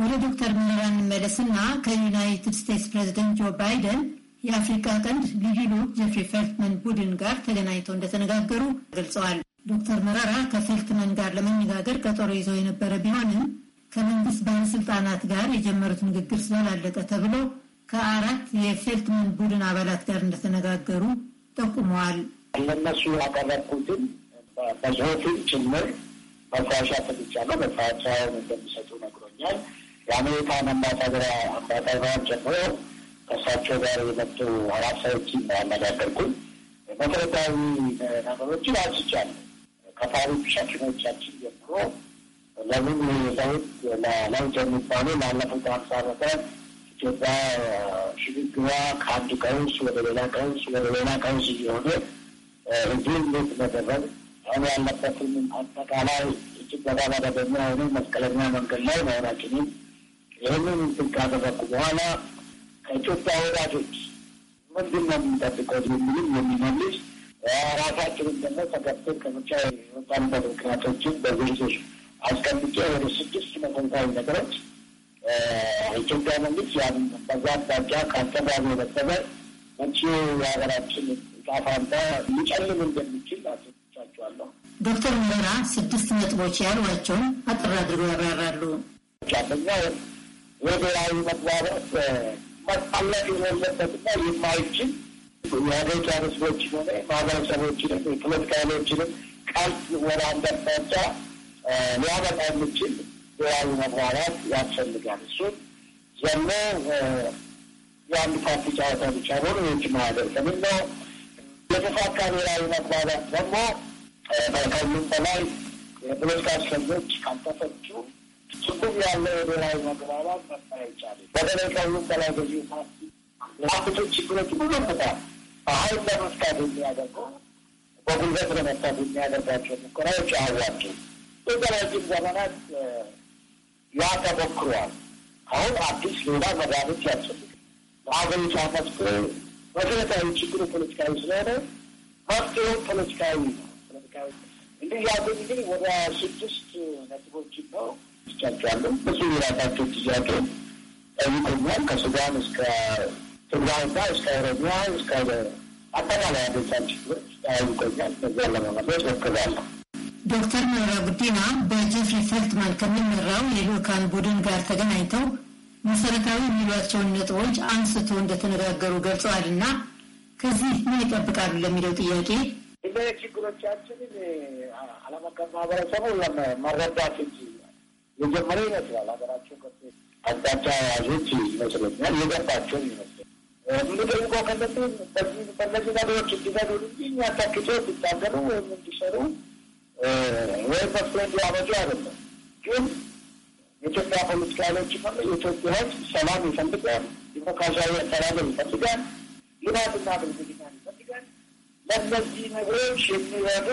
ወደ ዶክተር ምነራ እንመለስና ከዩናይትድ ስቴትስ ፕሬዚደንት ጆ ባይደን የአፍሪካ ቀንድ ልዩ ልዑክ ጀፍሪ ፈልትመን ቡድን ጋር ተገናኝተው እንደተነጋገሩ ገልጸዋል። ዶክተር መረራ ከፈልትመን ጋር ለመነጋገር ቀጠሮ ይዘው የነበረ ቢሆንም ከመንግስት ባለስልጣናት ጋር የጀመሩት ንግግር ስላላለቀ ተብሎ ከአራት የፌልትመን ቡድን አባላት ጋር እንደተነጋገሩ ጠቁመዋል። ለነሱ ያቀረብኩትን በጽሁፍም ጭምር መጓሻ ሰጥቻለሁ። መታወሻውን እንደሚሰጡ ነግሮኛል። የአሜሪካን አምባሳደራ አምባሳደራን ጨምሮ ከእሳቸው ጋር የመጡ አራት ሰዎችን ያነጋገርኩኝ መሰረታዊ ነገሮችን አንስቻለሁ። ከታሪክ ሸክኖቻችን ጀምሮ ለምን ሰዎች ለውጥ የሚባሉ ላለፉት ሀምሳ ኢትዮጵያ ሽግግሯ ከአንድ ቀውስ ወደ ሌላ ቀውስ ወደ ሌላ ቀውስ እየሆነ ህዝብ እንዴት መደረግ አሁን ያለበትም አጠቃላይ እጅግ በጣም አደገኛ የሆነ መስቀለኛ መንገድ ላይ መሆናችንን ይህንን እንትን ካደረግኩ በኋላ ከኢትዮጵያ ወዳጆች ምንድን ነው የምንጠብቀው የሚልም የሚመልስ ራሳችንም ደግሞ ተገብተን ከምቻ የወጣንበት ምክንያቶችን በዝርዝር አስቀምጬ ወደ ስድስት መሰረታዊ ነገሮች ኢትዮጵያ መንግስት ያን በዛ አቅጣጫ ከአስተባቢ በስተቀር መጪው የሀገራችን ዕጣ ፈንታ ሊጨልም እንደሚችል አስቻቸዋለሁ። ዶክተር መረራ ስድስት ነጥቦች ያሏቸውን አጥር አድርገው ያብራራሉ። አንደኛው ወደራዊ መግባባት መጣላት የሌለበትና የማይችል የሀገሪቱ ህዝቦችን ሆነ ማህበረሰቦችንም የፖለቲካ ኃይሎችንም ቀልብ ወደ አንድ አቅጣጫ ሊያመጣ የሚችል ብሔራዊ መግባባት ያስፈልጋል። እሱን ዘመ የአንድ ፓርቲ ጨዋታ ብቻ ሆኑ የውጭ ማህበረሰብ ነው። የተሳካ ብሔራዊ መግባባት ደግሞ ከሁሉም በላይ የፖለቲካ እስረኞች ካልተፈቱ ችግር ያለው የብሔራዊ መግባባት መጣ ይቻላል። በተለይ ከሁሉም በላይ በዚ ፓርቲ የሀብቶች ችግሮች ብዙ ምታል በሀይል ለመፍታት የሚያደርገው በጉልበት ለመፍታት የሚያደርጋቸው ሙከራዎች አዋቸው የተለያዩ ዘመናት ያ ተሞክሯል። አሁን አዲስ ሌላ መድኃኒት ያስፈልጋል። በሀገሪቷ መፍትሄ መሰረታዊ ችግሩ ፖለቲካዊ ስለሆነ መፍትሄው ፖለቲካዊ ፖለቲካዊ እንዲህ ያሉ እንግዲህ ወደ ስድስት ነጥቦችን ነው ስቻቸዋለሁ። ብዙ የራሳቸው ጥያቄ ጠይቁኛል። ከሱዳን እስከ ትግራይና እስከ ኦሮሚያ እስከ አጠቃላይ አደቻ ችግሮች ጠይቆኛል። እነዚያን ለመመለስ ወክላለሁ። ዶክተር መረራ ጉዲና በጀፍሪ ፈልትማን ከሚመራው የልዑካን ቡድን ጋር ተገናኝተው መሰረታዊ የሚሏቸውን ነጥቦች አንስቶ እንደተነጋገሩ ገልጸዋል እና ከዚህ ምን ይጠብቃሉ ለሚለው ጥያቄ እንደ ችግሮቻችንን ዓለም አቀፍ ማህበረሰቡ ለመረዳት እንጂ የጀመረ ይመስላል። ሀገራቸው ከ አቅጣጫ ያዞች ይመስለኛል የገባቸው ይመስላል። የምንጠይቀው ከለብን በዚህ በነዚህ ነገሮች እንዲገዱ እንጂ እኛ ታክቶ ወይም እንዲሰሩ ወይ ፈፍቶ እንዲያበጁ አይደለም። ግን የኢትዮጵያ ፖለቲካ ኃይሎች ሆነ የኢትዮጵያ ሕዝብ ሰላም ይፈልጋል፣ ዲሞክራሲያዊ አስተዳደር ይፈልጋል፣ ልማትና ብልጽግናን ይፈልጋል። ለእነዚህ ነገሮች የሚረዱ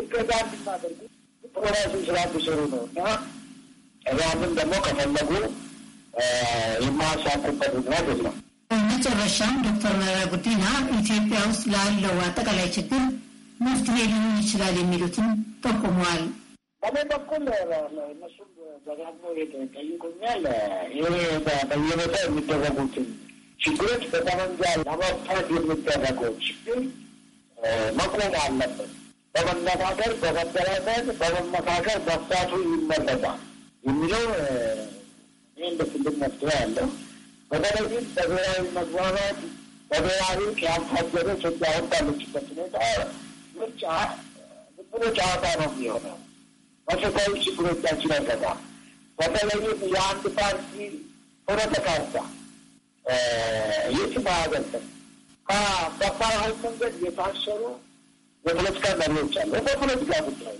እገዛ እንድናደርጉ ዲፕሎማሲ ስራ እንዲሰሩ ነው እና እዛንም ደግሞ ከፈለጉ የማያሳኩበት ምክንያት የለም። በመጨረሻም ዶክተር መረራ ጉዲና ኢትዮጵያ ውስጥ ላለው አጠቃላይ ችግር መፍትሄ ሊሆን ይችላል የሚሉትን ጠቁመዋል። በእኔ በኩል እነሱም ደጋግሞ ጠይቁኛል። ይሄ በየቦታ የሚደረጉትን ችግሮች በጠመንጃ ለመፍታት የሚደረገው ችግር መቆም አለበት። በመነጋገር በመደራደር፣ በመመካከር መፍታቱ ይመለሳል የሚለው ይህ እንደ ትልቅ መፍትሄ ያለው በተለይም በብሔራዊ መግባባት በብሔራዊ ያልታገደ ኢትዮጵያ አሁን ባለችበት ሁኔታ ምርጫ ዝም ብሎ ጨዋታ ነው የሚሆነው። መሰረታዊ ችግሮቻችን አይፈታም። በተለይም የአንድ ፓርቲ ሆነተ ካርታ የትም አያገልጥም። በአፋራዊ መንገድ የታሰሩ የፖለቲካ መሪዎች አሉ። በፖለቲካ ጉዳይ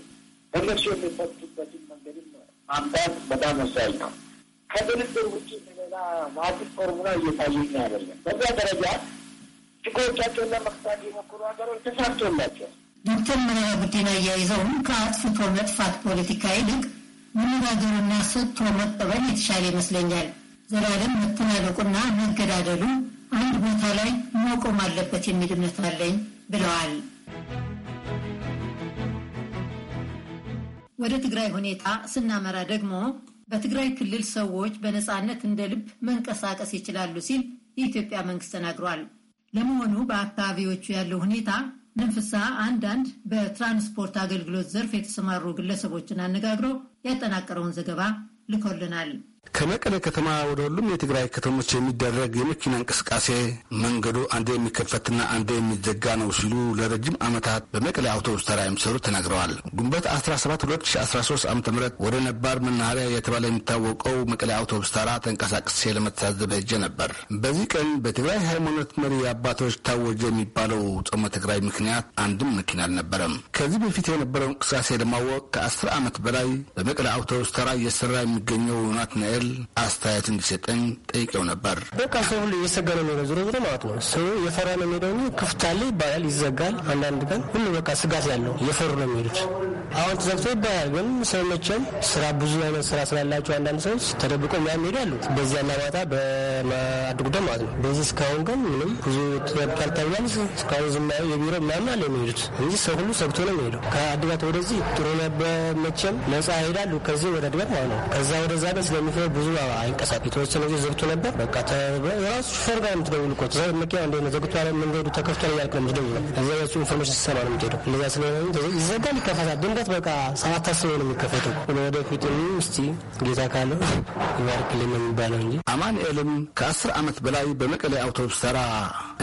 እነሱ የሚፈቱበትን መንገድም ማምጣት በጣም ወሳኝ ነው። ከድርድር ውጭ ሌላ ማግስት ፎርሙላ እየታየኝ አይደለም። በዚያ ደረጃ ችግሮቻቸውን ለመፍታት የሞከሩ ሀገሮች ተሳክቶላቸዋል። ዶክተር መረራ ጉዲና አያይዘውም ከአጥፍቶ መጥፋት ፖለቲካ ይልቅ መነጋገሩና ሰጥቶ መቀበል የተሻለ ይመስለኛል። ዘላለም መተናነቁና መገዳደሉ አንድ ቦታ ላይ መቆም አለበት የሚል እምነት አለኝ ብለዋል። ወደ ትግራይ ሁኔታ ስናመራ ደግሞ በትግራይ ክልል ሰዎች በነፃነት እንደ ልብ መንቀሳቀስ ይችላሉ ሲል የኢትዮጵያ መንግስት ተናግሯል። ለመሆኑ በአካባቢዎቹ ያለው ሁኔታ ንፍሳ አንዳንድ በትራንስፖርት አገልግሎት ዘርፍ የተሰማሩ ግለሰቦችን አነጋግሮ ያጠናቀረውን ዘገባ ልኮልናል። ከመቀለ ከተማ ወደ ሁሉም የትግራይ ከተሞች የሚደረግ የመኪና እንቅስቃሴ መንገዱ አንዴ የሚከፈትና አንዴ የሚዘጋ ነው ሲሉ ለረጅም ዓመታት በመቀለ አውቶቡስ ተራ የሚሰሩ ተናግረዋል። ግንቦት 17 2013 ዓ.ም ወደ ነባር መናኸሪያ የተባለ የሚታወቀው መቀለ አውቶቡስ ተራ ተንቀሳቅሴ ለመታዘብ ሄጄ ነበር። በዚህ ቀን በትግራይ ሃይማኖት መሪ አባቶች ታወጀ የሚባለው ጾመ ትግራይ ምክንያት አንድም መኪና አልነበረም። ከዚህ በፊት የነበረው እንቅስቃሴ ለማወቅ ከ ስ ዓመት በላይ በመቀለ አውቶቡስ ተራ እየሰራ የሚገኘው ናትናኤል ሚካኤል አስተያየት እንዲሰጠኝ ጠይቀው ነበር። በቃ ሰው ሁሉ እየሰገነ ነው ዞሮ ዞሮ ማለት ነው። ሰው የፈራ ነው የሚሄደው። ክፍት አለ ይባላል፣ ይዘጋል። አንዳንድ ቀን ሁሉ በቃ ስጋት ያለው የፈሩ ነው የሚሄዱት። አሁን ተዘግቶ ይባላል፣ ግን ሰው መቼም ስራ ብዙ አይነት ስራ ስላላቸው አንዳንድ ሰዎች ተደብቆ ሚያ ሄዱ በዚህ በዚያና ማታ በማዕድ ጉዳይ ማለት ነው። በዚህ እስካሁን ግን ምንም ብዙ ተጠብቷል ተብሏል። እስካሁን ዝማ የቢሮ ምናምን አለ የሚሄዱት እንጂ ሰው ሁሉ ሰግቶ ነው የሚሄደው። ከአድጋት ወደዚህ ጥሩ ነበር መቼም ነጻ ይሄዳሉ። ከዚህ ወደ አድጋት ማለት ነው። ከዛ ወደዛ ስለሚፈ ብዙ አይንቀሳቀስም። ስለዚህ ዘግቶ ነበር። በቃ ራሱ ሹፌር ጋር የምትደውል እኮ መኪና እንደ ነው ዘግቶ ያለ መንገዱ ተከፍቶ ነው ያልክ ነው የምትደውለው። እዛ የሱ ኢንፎርሜሽን ሲሰማ ነው የምትሄደው። እንደዛ ስለሆነ ይዘጋል፣ ይከፈታል። ድንገት በቃ ሰባት አስበው ነው የሚከፈተው። ወደፊት እስቲ ጌታ ካለ ይባርክልን ነው የሚባለው እንጂ አማንኤልም ከአስር ዓመት በላይ በመቀሌ አውቶቡስ ተራ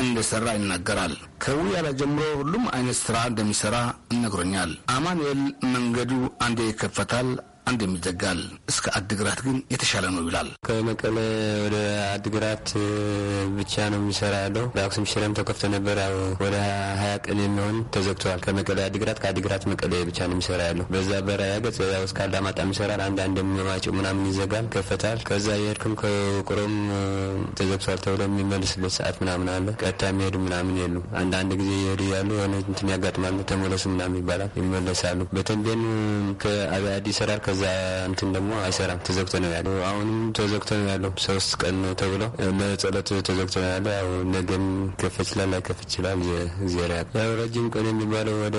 እንደሰራ ይናገራል። ከውያላ ጀምሮ ሁሉም አይነት ስራ እንደሚሰራ ይነግሮኛል። አማንኤል መንገዱ አንዴ ይከፈታል አንድም ይዘጋል። እስከ አድግራት ግን የተሻለ ነው ይላል። ከመቀለ ወደ አድግራት ብቻ ነው የሚሰራ ያለው። በአክሱም ሽረም ተከፍቶ ነበር። ወደ ሀያ ቀን የሚሆን ተዘግተዋል። ከመቀለ አድግራት፣ ከአድግራት መቀለ ብቻ ነው የሚሰራ ያለው። በዛ በራያ ገጽ ያው እስከ አላማጣም ይሰራል። አንዳንድ የሚመማጭው ምናምን ይዘጋል፣ ከፈታል። ከዛ የሄድክም ከቁሮም ተዘግተዋል ተብሎ የሚመልስበት ሰዓት ምናምን አለ። ቀጥታ የሚሄዱ ምናምን የሉ። አንዳንድ ጊዜ ይሄዱ ያሉ የሆነ እንትን ያጋጥማሉ። ተመለሱ ምናምን ይባላል፣ ይመለሳሉ። በተንቤን ከአዲስ ሰራር ከዛ እንትን ደግሞ አይሰራም ተዘግቶ ነው ያለው። አሁንም ተዘግቶ ነው ያለው። ሶስት ቀን ነው ተብሎ ለጸሎት ተዘግቶ ነው ያለው። ያው ነገም ከፍ ይችላል ላይከፍ ይችላል። ዜራ ያው ረጅም ቀን የሚባለው ወደ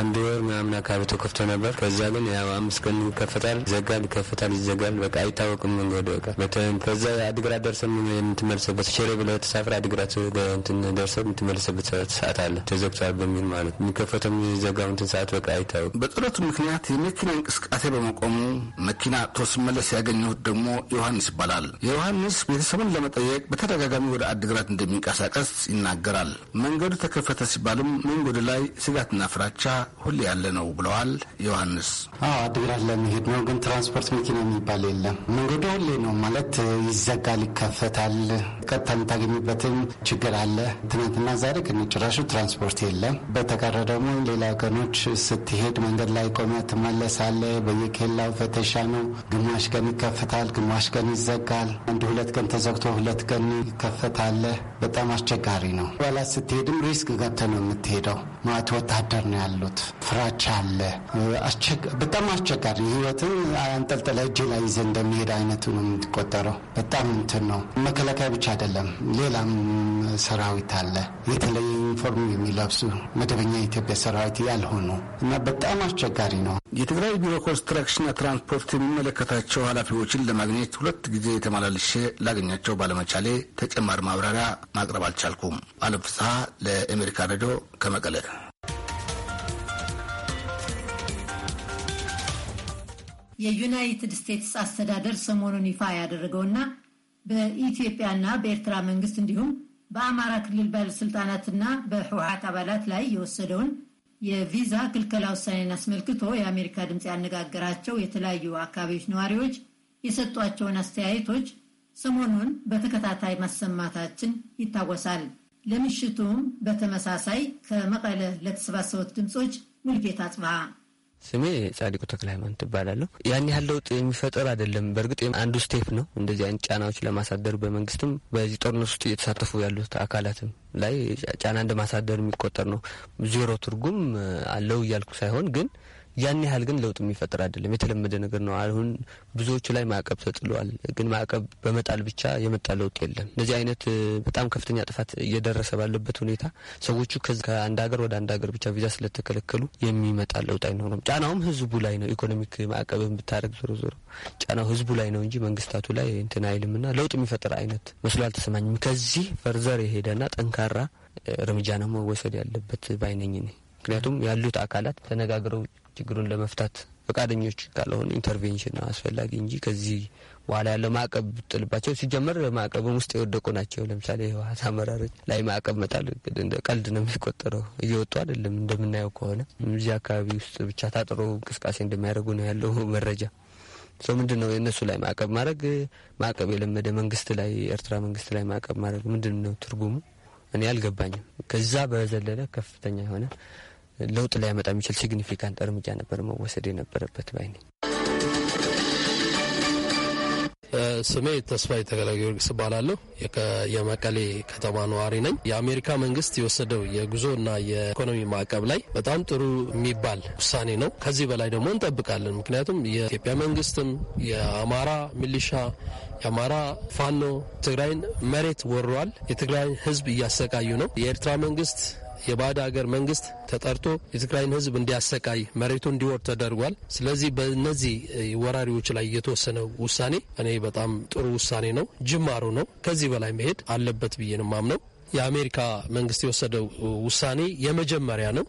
አንድ ወር ምናምን አካባቢ ተከፍቶ ነበር። ከዛ ግን ያው አምስት ቀን ይከፈታል፣ ይዘጋል፣ ይከፈታል፣ ይዘጋል። በቃ አይታወቅም መንገዱ በቃ ከዛ አድግራት ደርሰ የምትመልሰበት ሽሬ ብለህ ተሳፍረህ አድግራት እንትን ደርሰው የምትመልሰበት ሰዓት አለ ተዘግቷል በሚል ማለት የሚከፈተው የሚዘጋው እንትን ሰዓት በቃ አይታወቅም። በጥረቱ ምክንያት የመኪና እንቅስቃሴ በመ ቆሙ። መኪና አጥቶ ስመለስ ያገኘሁት ደግሞ ዮሐንስ ይባላል። የዮሐንስ ቤተሰቡን ለመጠየቅ በተደጋጋሚ ወደ አድግራት እንደሚንቀሳቀስ ይናገራል። መንገዱ ተከፈተ ሲባልም መንገዱ ላይ ስጋትና ፍራቻ ሁሌ ያለ ነው ብለዋል ዮሐንስ። አዎ አድግራት ለመሄድ ነው፣ ግን ትራንስፖርት መኪና የሚባል የለም። መንገዱ ሁሌ ነው ማለት ይዘጋል፣ ይከፈታል። ቀጥታ የምታገኝበትም ችግር አለ። ትናንትና ዛሬ ጭራሹ ትራንስፖርት የለም። በተቀረ ደግሞ ሌላ ቀኖች ስትሄድ መንገድ ላይ ቆመ ትመለሳለ በየከ ኬላው ፈተሻ ነው። ግማሽ ቀን ይከፍታል፣ ግማሽ ቀን ይዘጋል። አንድ ሁለት ቀን ተዘግቶ ሁለት ቀን ይከፈታለ። በጣም አስቸጋሪ ነው። በኋላ ስትሄድም ሪስክ ገብተ ነው የምትሄደው። ማለት ወታደር ነው ያሉት፣ ፍራቻ አለ። በጣም አስቸጋሪ ህይወትን አንጠልጥለ እጅ ላይ ይዘ እንደሚሄድ አይነቱ ነው የምትቆጠረው። በጣም እንትን ነው። መከላከያ ብቻ አይደለም፣ ሌላም ሰራዊት አለ። የተለየ ዩኒፎርም የሚለብሱ መደበኛ የኢትዮጵያ ሰራዊት ያልሆኑ እና በጣም አስቸጋሪ ነው። የትግራይ ቢሮ ኮንስትራክሽን ኮሚኒኬሽንና ትራንስፖርት የሚመለከታቸው ኃላፊዎችን ለማግኘት ሁለት ጊዜ ተመላልሼ ላገኛቸው ባለመቻሌ ተጨማሪ ማብራሪያ ማቅረብ አልቻልኩም። አለም ፍስሐ ለአሜሪካ ሬዲዮ ከመቀለ። የዩናይትድ ስቴትስ አስተዳደር ሰሞኑን ይፋ ያደረገውና በኢትዮጵያና በኤርትራ መንግስት እንዲሁም በአማራ ክልል ባለስልጣናትና በህወሀት አባላት ላይ የወሰደውን የቪዛ ክልከላ ውሳኔን አስመልክቶ የአሜሪካ ድምፅ ያነጋገራቸው የተለያዩ አካባቢዎች ነዋሪዎች የሰጧቸውን አስተያየቶች ሰሞኑን በተከታታይ ማሰማታችን ይታወሳል። ለምሽቱም በተመሳሳይ ከመቀለ ለተሰባሰቡት ድምፆች ሙልጌታ ጽብሃ ስሜ ጻዲቁ ተክለ ሃይማኖት እባላለሁ። ያን ያህል ለውጥ የሚፈጠር አይደለም። በእርግጥ አንዱ ስቴፕ ነው። እንደዚህ አይነት ጫናዎች ለማሳደር በመንግስትም በዚህ ጦርነት ውስጥ እየተሳተፉ ያሉት አካላትም ላይ ጫና እንደማሳደር የሚቆጠር ነው። ዜሮ ትርጉም አለው እያልኩ ሳይሆን ግን ያን ያህል ግን ለውጥ የሚፈጥር አይደለም። የተለመደ ነገር ነው። አሁን ብዙዎቹ ላይ ማዕቀብ ተጥሏል። ግን ማዕቀብ በመጣል ብቻ የመጣ ለውጥ የለም። እነዚህ አይነት በጣም ከፍተኛ ጥፋት እየደረሰ ባለበት ሁኔታ ሰዎቹ ከአንድ ሀገር ወደ አንድ ሀገር ብቻ ቪዛ ስለተከለከሉ የሚመጣ ለውጥ አይኖርም። ጫናውም ህዝቡ ላይ ነው። ኢኮኖሚክ ማዕቀብን ብታደረግ ዞሮ ዞሮ ጫናው ህዝቡ ላይ ነው እንጂ መንግስታቱ ላይ እንትን ና ለውጥ የሚፈጥር አይነት መስሎ አልተሰማኝም። ከዚህ ፈርዘር የሄደና ጠንካራ እርምጃ ነው መወሰድ ያለበት ባይነኝ። ምክንያቱም ያሉት አካላት ተነጋግረው ችግሩን ለመፍታት ፈቃደኞች ካልሆነ ኢንተርቬንሽን ነው አስፈላጊ እንጂ ከዚህ በኋላ ያለው ማዕቀብ ጥልባቸው ሲጀመር ማዕቀብም ውስጥ የወደቁ ናቸው። ለምሳሌ የህወሀት አመራሮች ላይ ማዕቀብ መጣል ቀልድ ነው የሚቆጠረው። እየወጡ አይደለም እንደምናየው ከሆነ እዚህ አካባቢ ውስጥ ብቻ ታጥሮ እንቅስቃሴ እንደሚያደርጉ ነው ያለው መረጃ። ሰው ምንድን ነው የእነሱ ላይ ማዕቀብ ማድረግ ማዕቀብ የለመደ መንግስት ላይ የኤርትራ መንግስት ላይ ማዕቀብ ማድረግ ምንድን ነው ትርጉሙ? እኔ አልገባኝም። ከዛ በዘለለ ከፍተኛ የሆነ ለውጥ ሊያመጣ የሚችል ሲግኒፊካንት እርምጃ ነበር መወሰድ የነበረበት ባይ ነኝ። ስሜ ተስፋ የተገላ ጊዮርጊስ እባላለሁ። የመቀሌ ከተማ ነዋሪ ነኝ። የአሜሪካ መንግስት የወሰደው የጉዞና የኢኮኖሚ ማዕቀብ ላይ በጣም ጥሩ የሚባል ውሳኔ ነው። ከዚህ በላይ ደግሞ እንጠብቃለን። ምክንያቱም የኢትዮጵያ መንግስትም የአማራ ሚሊሻ፣ የአማራ ፋኖ ትግራይን መሬት ወሯል። የትግራይ ህዝብ እያሰቃዩ ነው። የኤርትራ መንግስት የባዕድ ሀገር መንግስት ተጠርቶ የትግራይን ህዝብ እንዲያሰቃይ መሬቱ እንዲወር ተደርጓል። ስለዚህ በእነዚህ ወራሪዎች ላይ የተወሰነው ውሳኔ እኔ በጣም ጥሩ ውሳኔ ነው፣ ጅማሮ ነው። ከዚህ በላይ መሄድ አለበት ብዬ ነው ማምነው። የአሜሪካ መንግስት የወሰደው ውሳኔ የመጀመሪያ ነው።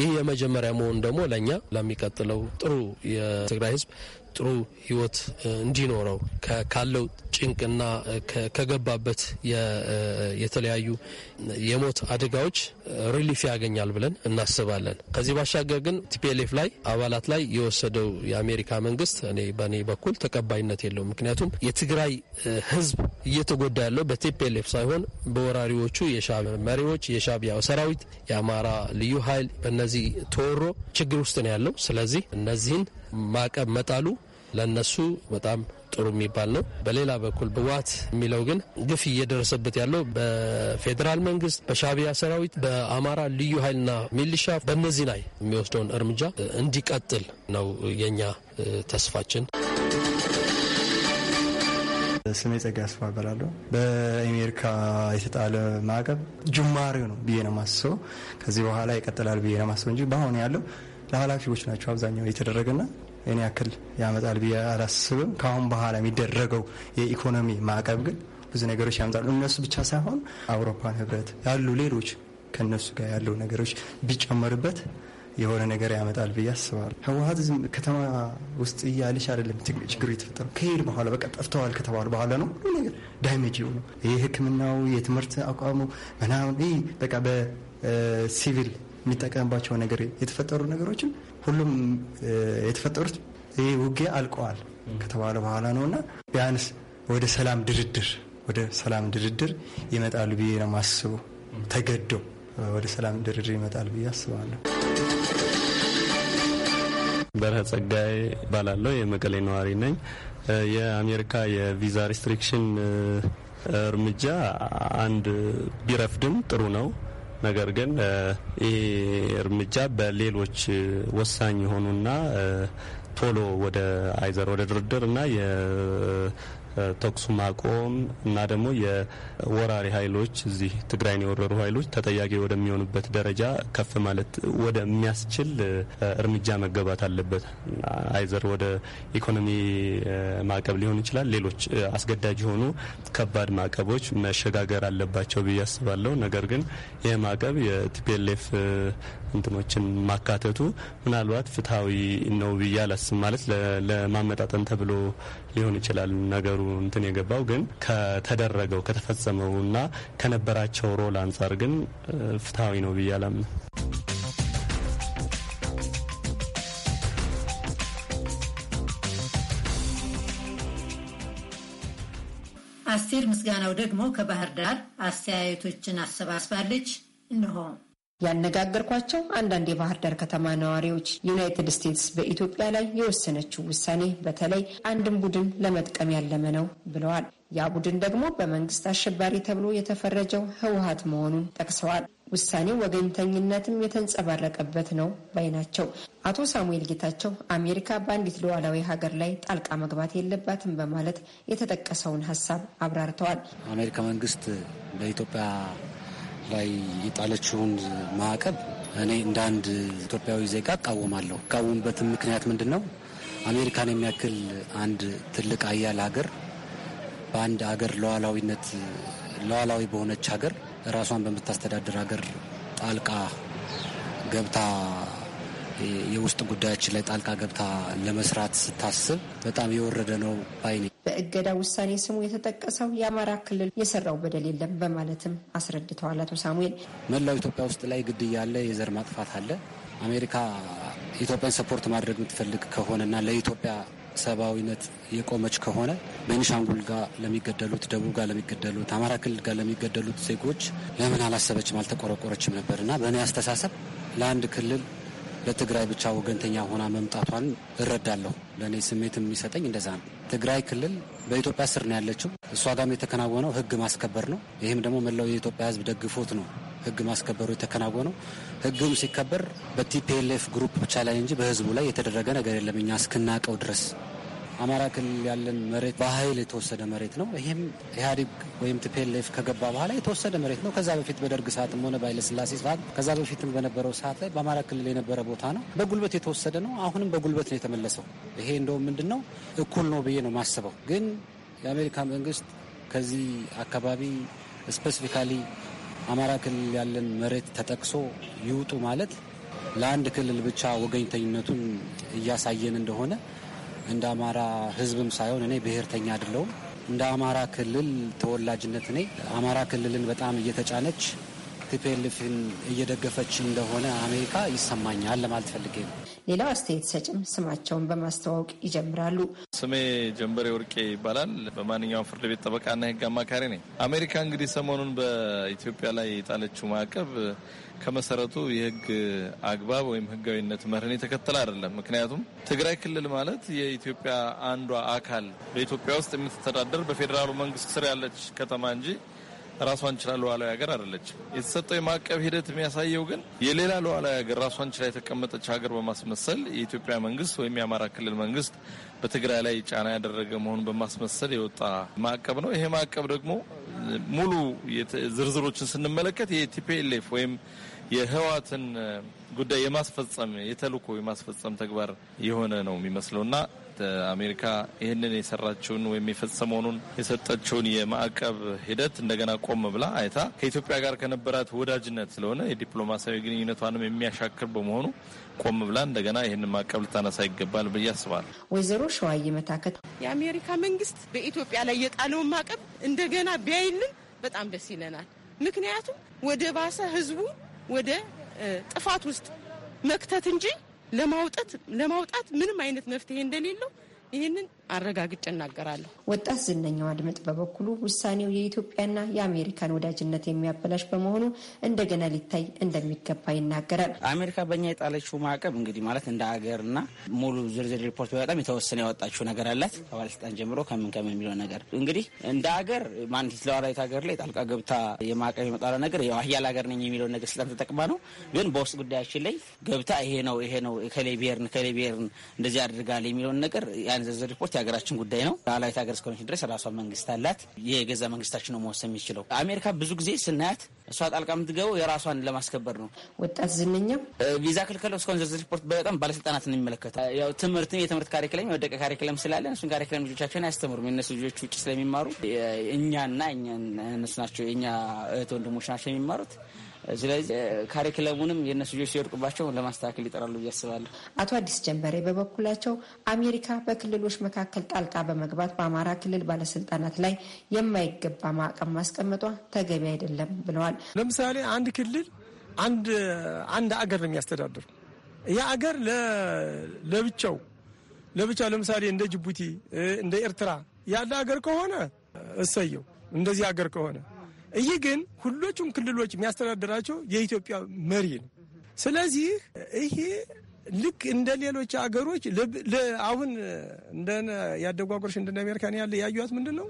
ይህ የመጀመሪያ መሆን ደግሞ ለእኛ ለሚቀጥለው ጥሩ የትግራይ ህዝብ ጥሩ ህይወት እንዲኖረው ካለው ጭንቅና ከገባበት የተለያዩ የሞት አደጋዎች ሪሊፍ ያገኛል ብለን እናስባለን። ከዚህ ባሻገር ግን ቲፒኤልኤፍ ላይ አባላት ላይ የወሰደው የአሜሪካ መንግስት እኔ በእኔ በኩል ተቀባይነት የለውም። ምክንያቱም የትግራይ ህዝብ እየተጎዳ ያለው በቲፒኤልኤፍ ሳይሆን በወራሪዎቹ የሻዕቢያ መሪዎች፣ የሻዕቢያ ሰራዊት፣ የአማራ ልዩ ኃይል በእነዚህ ተወሮ ችግር ውስጥ ነው ያለው። ስለዚህ እነዚህን ማዕቀብ መጣሉ ለነሱ በጣም ጥሩ የሚባል ነው። በሌላ በኩል ብዋት የሚለው ግን ግፍ እየደረሰበት ያለው በፌዴራል መንግስት፣ በሻቢያ ሰራዊት፣ በአማራ ልዩ ኃይልና ሚሊሻ በእነዚህ ላይ የሚወስደውን እርምጃ እንዲቀጥል ነው የኛ ተስፋችን። ስሜ ጸጋ አስፋ እባላለሁ። በአሜሪካ የተጣለ ማዕቀብ ጅማሬው ነው ብዬ ነው ማስበው። ከዚህ በኋላ ይቀጥላል ብዬ ነው ማስበው እንጂ በአሁን ያለው ለኃላፊዎች ናቸው አብዛኛው የተደረገና እኔ ያክል ያመጣል ብዬ አላስብም። ከአሁን በኋላ የሚደረገው የኢኮኖሚ ማዕቀብ ግን ብዙ ነገሮች ያመጣሉ። እነሱ ብቻ ሳይሆን አውሮፓን ህብረት ያሉ ሌሎች ከነሱ ጋር ያለው ነገሮች ቢጨመርበት የሆነ ነገር ያመጣል ብዬ አስባለሁ። ህወሀት ዝም ከተማ ውስጥ እያለች አይደለም ችግሩ የተፈጠረው ከሄድ በኋላ በቃ ጠፍተዋል ከተባሉ በኋላ ነው ሁሉ ነገር ዳሜጅ የሆነ ይህ ህክምናው፣ የትምህርት አቋሙ ምናምን በቃ በሲቪል የሚጠቀምባቸው ነገር የተፈጠሩ ነገሮችን ሁሉም የተፈጠሩት ይህ ውጊያ አልቀዋል ከተባለ በኋላ ነው እና ቢያንስ ወደ ሰላም ድርድር ወደ ሰላም ድርድር ይመጣሉ ብዬ ነው የማስበው። ተገዶ ወደ ሰላም ድርድር ይመጣሉ ብዬ አስባለሁ። በረሀ ጸጋይ እባላለሁ። የመቀሌ ነዋሪ ነኝ። የአሜሪካ የቪዛ ሪስትሪክሽን እርምጃ አንድ ቢረፍድም ጥሩ ነው ነገር ግን ይህ እርምጃ በሌሎች ወሳኝ የሆኑና ቶሎ ወደ አይዘር ወደ ድርድር እና ተኩሱ ማቆም እና ደግሞ የወራሪ ኃይሎች እዚህ ትግራይን የወረሩ ኃይሎች ተጠያቂ ወደሚሆኑበት ደረጃ ከፍ ማለት ወደሚያስችል እርምጃ መገባት አለበት። አይዘር ወደ ኢኮኖሚ ማዕቀብ ሊሆን ይችላል፣ ሌሎች አስገዳጅ የሆኑ ከባድ ማዕቀቦች መሸጋገር አለባቸው ብዬ አስባለሁ። ነገር ግን ይህ ማዕቀብ የቲፒኤልኤፍ እንትኖችን ማካተቱ ምናልባት ፍትሐዊ ነው ብዬ አላስብም። ማለት ለማመጣጠን ተብሎ ሊሆን ይችላል ነገሩ እንትን የገባው ግን ከተደረገው ከተፈጸመው እና ከነበራቸው ሮል አንጻር ግን ፍትሐዊ ነው ብዬ አላምንም። አስቴር ምስጋናው ደግሞ ከባህር ዳር አስተያየቶችን አሰባስባለች። እንሆ ያነጋገርኳቸው አንዳንድ የባህር ዳር ከተማ ነዋሪዎች ዩናይትድ ስቴትስ በኢትዮጵያ ላይ የወሰነችው ውሳኔ በተለይ አንድን ቡድን ለመጥቀም ያለመ ነው ብለዋል። ያ ቡድን ደግሞ በመንግስት አሸባሪ ተብሎ የተፈረጀው ህወሀት መሆኑን ጠቅሰዋል። ውሳኔው ወገኝተኝነትም የተንጸባረቀበት ነው ባይ ናቸው። አቶ ሳሙኤል ጌታቸው አሜሪካ በአንዲት ሉዓላዊ ሀገር ላይ ጣልቃ መግባት የለባትም በማለት የተጠቀሰውን ሀሳብ አብራርተዋል። አሜሪካ መንግስት በኢትዮጵያ ላይ የጣለችውን ማዕቀብ እኔ እንደ አንድ ኢትዮጵያዊ ዜጋ እቃወማለሁ። እቃወምበትም ምክንያት ምንድን ነው? አሜሪካን የሚያክል አንድ ትልቅ አያል ሀገር በአንድ ሀገር ለዋላዊነት ለዋላዊ በሆነች ሀገር ራሷን በምታስተዳድር ሀገር ጣልቃ ገብታ የውስጥ ጉዳያችን ላይ ጣልቃ ገብታ ለመስራት ስታስብ በጣም የወረደ ነው ባይ በእገዳ ውሳኔ ስሙ የተጠቀሰው የአማራ ክልል የሰራው በደል የለም በማለትም አስረድተዋል አቶ ሳሙኤል። መላው ኢትዮጵያ ውስጥ ላይ ግድያ አለ፣ የዘር ማጥፋት አለ። አሜሪካ ኢትዮጵያን ሰፖርት ማድረግ የምትፈልግ ከሆነና ለኢትዮጵያ ሰብአዊነት የቆመች ከሆነ ቤኒሻንጉል ጋር ለሚገደሉት፣ ደቡብ ጋር ለሚገደሉት፣ አማራ ክልል ጋር ለሚገደሉት ዜጎች ለምን አላሰበችም አልተቆረቆረችም ነበር እና በእኔ አስተሳሰብ ለአንድ ክልል ለትግራይ ብቻ ወገንተኛ ሆና መምጣቷን እረዳለሁ። ለእኔ ስሜት የሚሰጠኝ እንደዛ ነው። ትግራይ ክልል በኢትዮጵያ ስር ነው ያለችው። እሷ ጋም የተከናወነው ህግ ማስከበር ነው። ይህም ደግሞ መላው የኢትዮጵያ ህዝብ ደግፎት ነው ህግ ማስከበሩ የተከናወነው። ህግም ሲከበር በቲፒኤልኤፍ ግሩፕ ብቻ ላይ እንጂ በህዝቡ ላይ የተደረገ ነገር የለም እኛ እስክናቀው ድረስ አማራ ክልል ያለን መሬት በኃይል የተወሰደ መሬት ነው። ይህም ኢህአዴግ ወይም ቲፒኤልኤፍ ከገባ በኋላ የተወሰደ መሬት ነው። ከዛ በፊት በደርግ ሰዓትም ሆነ ስላሴ ሰዓት፣ ከዛ በፊትም በነበረው ሰዓት ላይ በአማራ ክልል የነበረ ቦታ ነው። በጉልበት የተወሰደ ነው። አሁንም በጉልበት ነው የተመለሰው። ይሄ እንደውም ምንድን ነው እኩል ነው ብዬ ነው ማስበው። ግን የአሜሪካ መንግስት ከዚህ አካባቢ ስፔሲፊካሊ አማራ ክልል ያለን መሬት ተጠቅሶ ይውጡ ማለት ለአንድ ክልል ብቻ ወገኝተኝነቱን እያሳየን እንደሆነ እንደ አማራ ህዝብም ሳይሆን እኔ ብሔርተኛ አይደለሁም። እንደ አማራ ክልል ተወላጅነት እኔ አማራ ክልልን በጣም እየተጫነች ቲፒኤልኤፍን እየደገፈች እንደሆነ አሜሪካ ይሰማኛል ለማለት ፈልጌ ነው። ሌላው አስተያየት ሰጭም ስማቸውን በማስተዋወቅ ይጀምራሉ። ስሜ ጀንበሬ ወርቄ ይባላል። በማንኛውም ፍርድ ቤት ጠበቃና ሕግ አማካሪ ነኝ። አሜሪካ እንግዲህ ሰሞኑን በኢትዮጵያ ላይ የጣለችው ማዕቀብ ከመሰረቱ የህግ አግባብ ወይም ህጋዊነት መርህን የተከተለ አይደለም። ምክንያቱም ትግራይ ክልል ማለት የኢትዮጵያ አንዷ አካል በኢትዮጵያ ውስጥ የምትተዳደር በፌዴራሉ መንግስት ስር ያለች ከተማ እንጂ ራሷን ችላ ሉዓላዊ ሀገር አይደለችም። የተሰጠው የማዕቀብ ሂደት የሚያሳየው ግን የሌላ ሉዓላዊ ሀገር ራሷን ችላ የተቀመጠች ሀገር በማስመሰል የኢትዮጵያ መንግስት ወይም የአማራ ክልል መንግስት በትግራይ ላይ ጫና ያደረገ መሆኑን በማስመሰል የወጣ ማዕቀብ ነው። ይሄ ማዕቀብ ደግሞ ሙሉ ዝርዝሮችን ስንመለከት የቲፒኤልኤፍ ወይም የህወሓትን ጉዳይ የማስፈጸም የተልእኮ የማስፈጸም ተግባር የሆነ ነው እና አሜሪካ ይህንን የሰራችውን ወይም የፈጸመውን የሰጠችውን የማዕቀብ ሂደት እንደገና ቆም ብላ አይታ ከኢትዮጵያ ጋር ከነበራት ወዳጅነት ስለሆነ የዲፕሎማሲያዊ ግንኙነቷንም የሚያሻክር በመሆኑ ቆም ብላ እንደገና ይህን ማዕቀብ ልታነሳ ይገባል ብዬ አስባለሁ። ወይዘሮ ሸዋዬ መታከት የአሜሪካ መንግስት በኢትዮጵያ ላይ የጣለውን ማዕቀብ እንደገና ቢያይልን በጣም ደስ ይለናል። ምክንያቱም ወደ ባሰ ህዝቡ ወደ ጥፋት ውስጥ መክተት እንጂ ለማውጣት ምንም አይነት መፍትሄ እንደሌለው ይህንን አረጋግጬ እናገራለሁ። ወጣት ዝነኛው አድመጥ በበኩሉ ውሳኔው የኢትዮጵያና የአሜሪካን ወዳጅነት የሚያበላሽ በመሆኑ እንደገና ሊታይ እንደሚገባ ይናገራል። አሜሪካ በእኛ የጣለችው ማዕቀብ እንግዲህ ማለት እንደ ሀገርና ሙሉ ዝርዝር ሪፖርት በጣም የተወሰነ ያወጣችው ነገር አላት ከባለስልጣን ጀምሮ ከምን ከምን የሚለው ነገር እንግዲህ እንደ ሀገር ማንት ለዋላዊት ሀገር ላይ ጣልቃ ገብታ የማዕቀብ የመጣለ ነገር ሀያል ሀገር ነኝ የሚለውን ነገር ስልጣን ተጠቅማ ነው። ግን በውስጥ ጉዳያችን ላይ ገብታ ይሄ ነው ይሄ ነው ከሌ ብሔርን ከሌ ብሔርን እንደዚህ አድርጋል የሚለውን ነገር ያን ዝርዝር ሪፖርት መብት የሀገራችን ጉዳይ ነው። ሉዓላዊት ሀገር እስከሆነች ድረስ ራሷ መንግስት አላት። የገዛ መንግስታችን ነው መወሰን የሚችለው። አሜሪካ ብዙ ጊዜ ስናያት እሷ ጣልቃ የምትገበው የራሷን ለማስከበር ነው። ወጣት ዝንኛ ቪዛ ክልከለው እስካሁን ዝርዝር ሪፖርት በጣም ባለስልጣናትን የሚመለከተው ያው ትምህርት የትምህርት ካሪክለም የወደቀ ካሪክለም ስላለ እሱን ካሪክለም ልጆቻቸውን አያስተምሩም። የእነሱ ልጆች ውጭ ስለሚማሩ እኛና እነሱ ናቸው የእኛ እህት ወንድሞች ናቸው የሚማሩት ስለዚህ ካሪክለሙንም የእነሱ ልጆች ሲወድቁባቸው ለማስተካከል ይጠራሉ ብዬ አስባለሁ። አቶ አዲስ ጀንበሬ በበኩላቸው አሜሪካ በክልሎች መካከል ጣልቃ በመግባት በአማራ ክልል ባለስልጣናት ላይ የማይገባ ማዕቀብ ማስቀመጧ ተገቢ አይደለም ብለዋል። ለምሳሌ አንድ ክልል አንድ አንድ አገር ነው የሚያስተዳድሩ ያ አገር ለብቻው ለብቻው ለምሳሌ እንደ ጅቡቲ እንደ ኤርትራ ያለ አገር ከሆነ እሰየው እንደዚህ አገር ከሆነ ይህ ግን ሁሎቹም ክልሎች የሚያስተዳድራቸው የኢትዮጵያ መሪ ነው። ስለዚህ ይሄ ልክ እንደ ሌሎች አገሮች አሁን እንደ ያደጉ አገሮች እንደ አሜሪካን ያለ ያዩት ምንድን ነው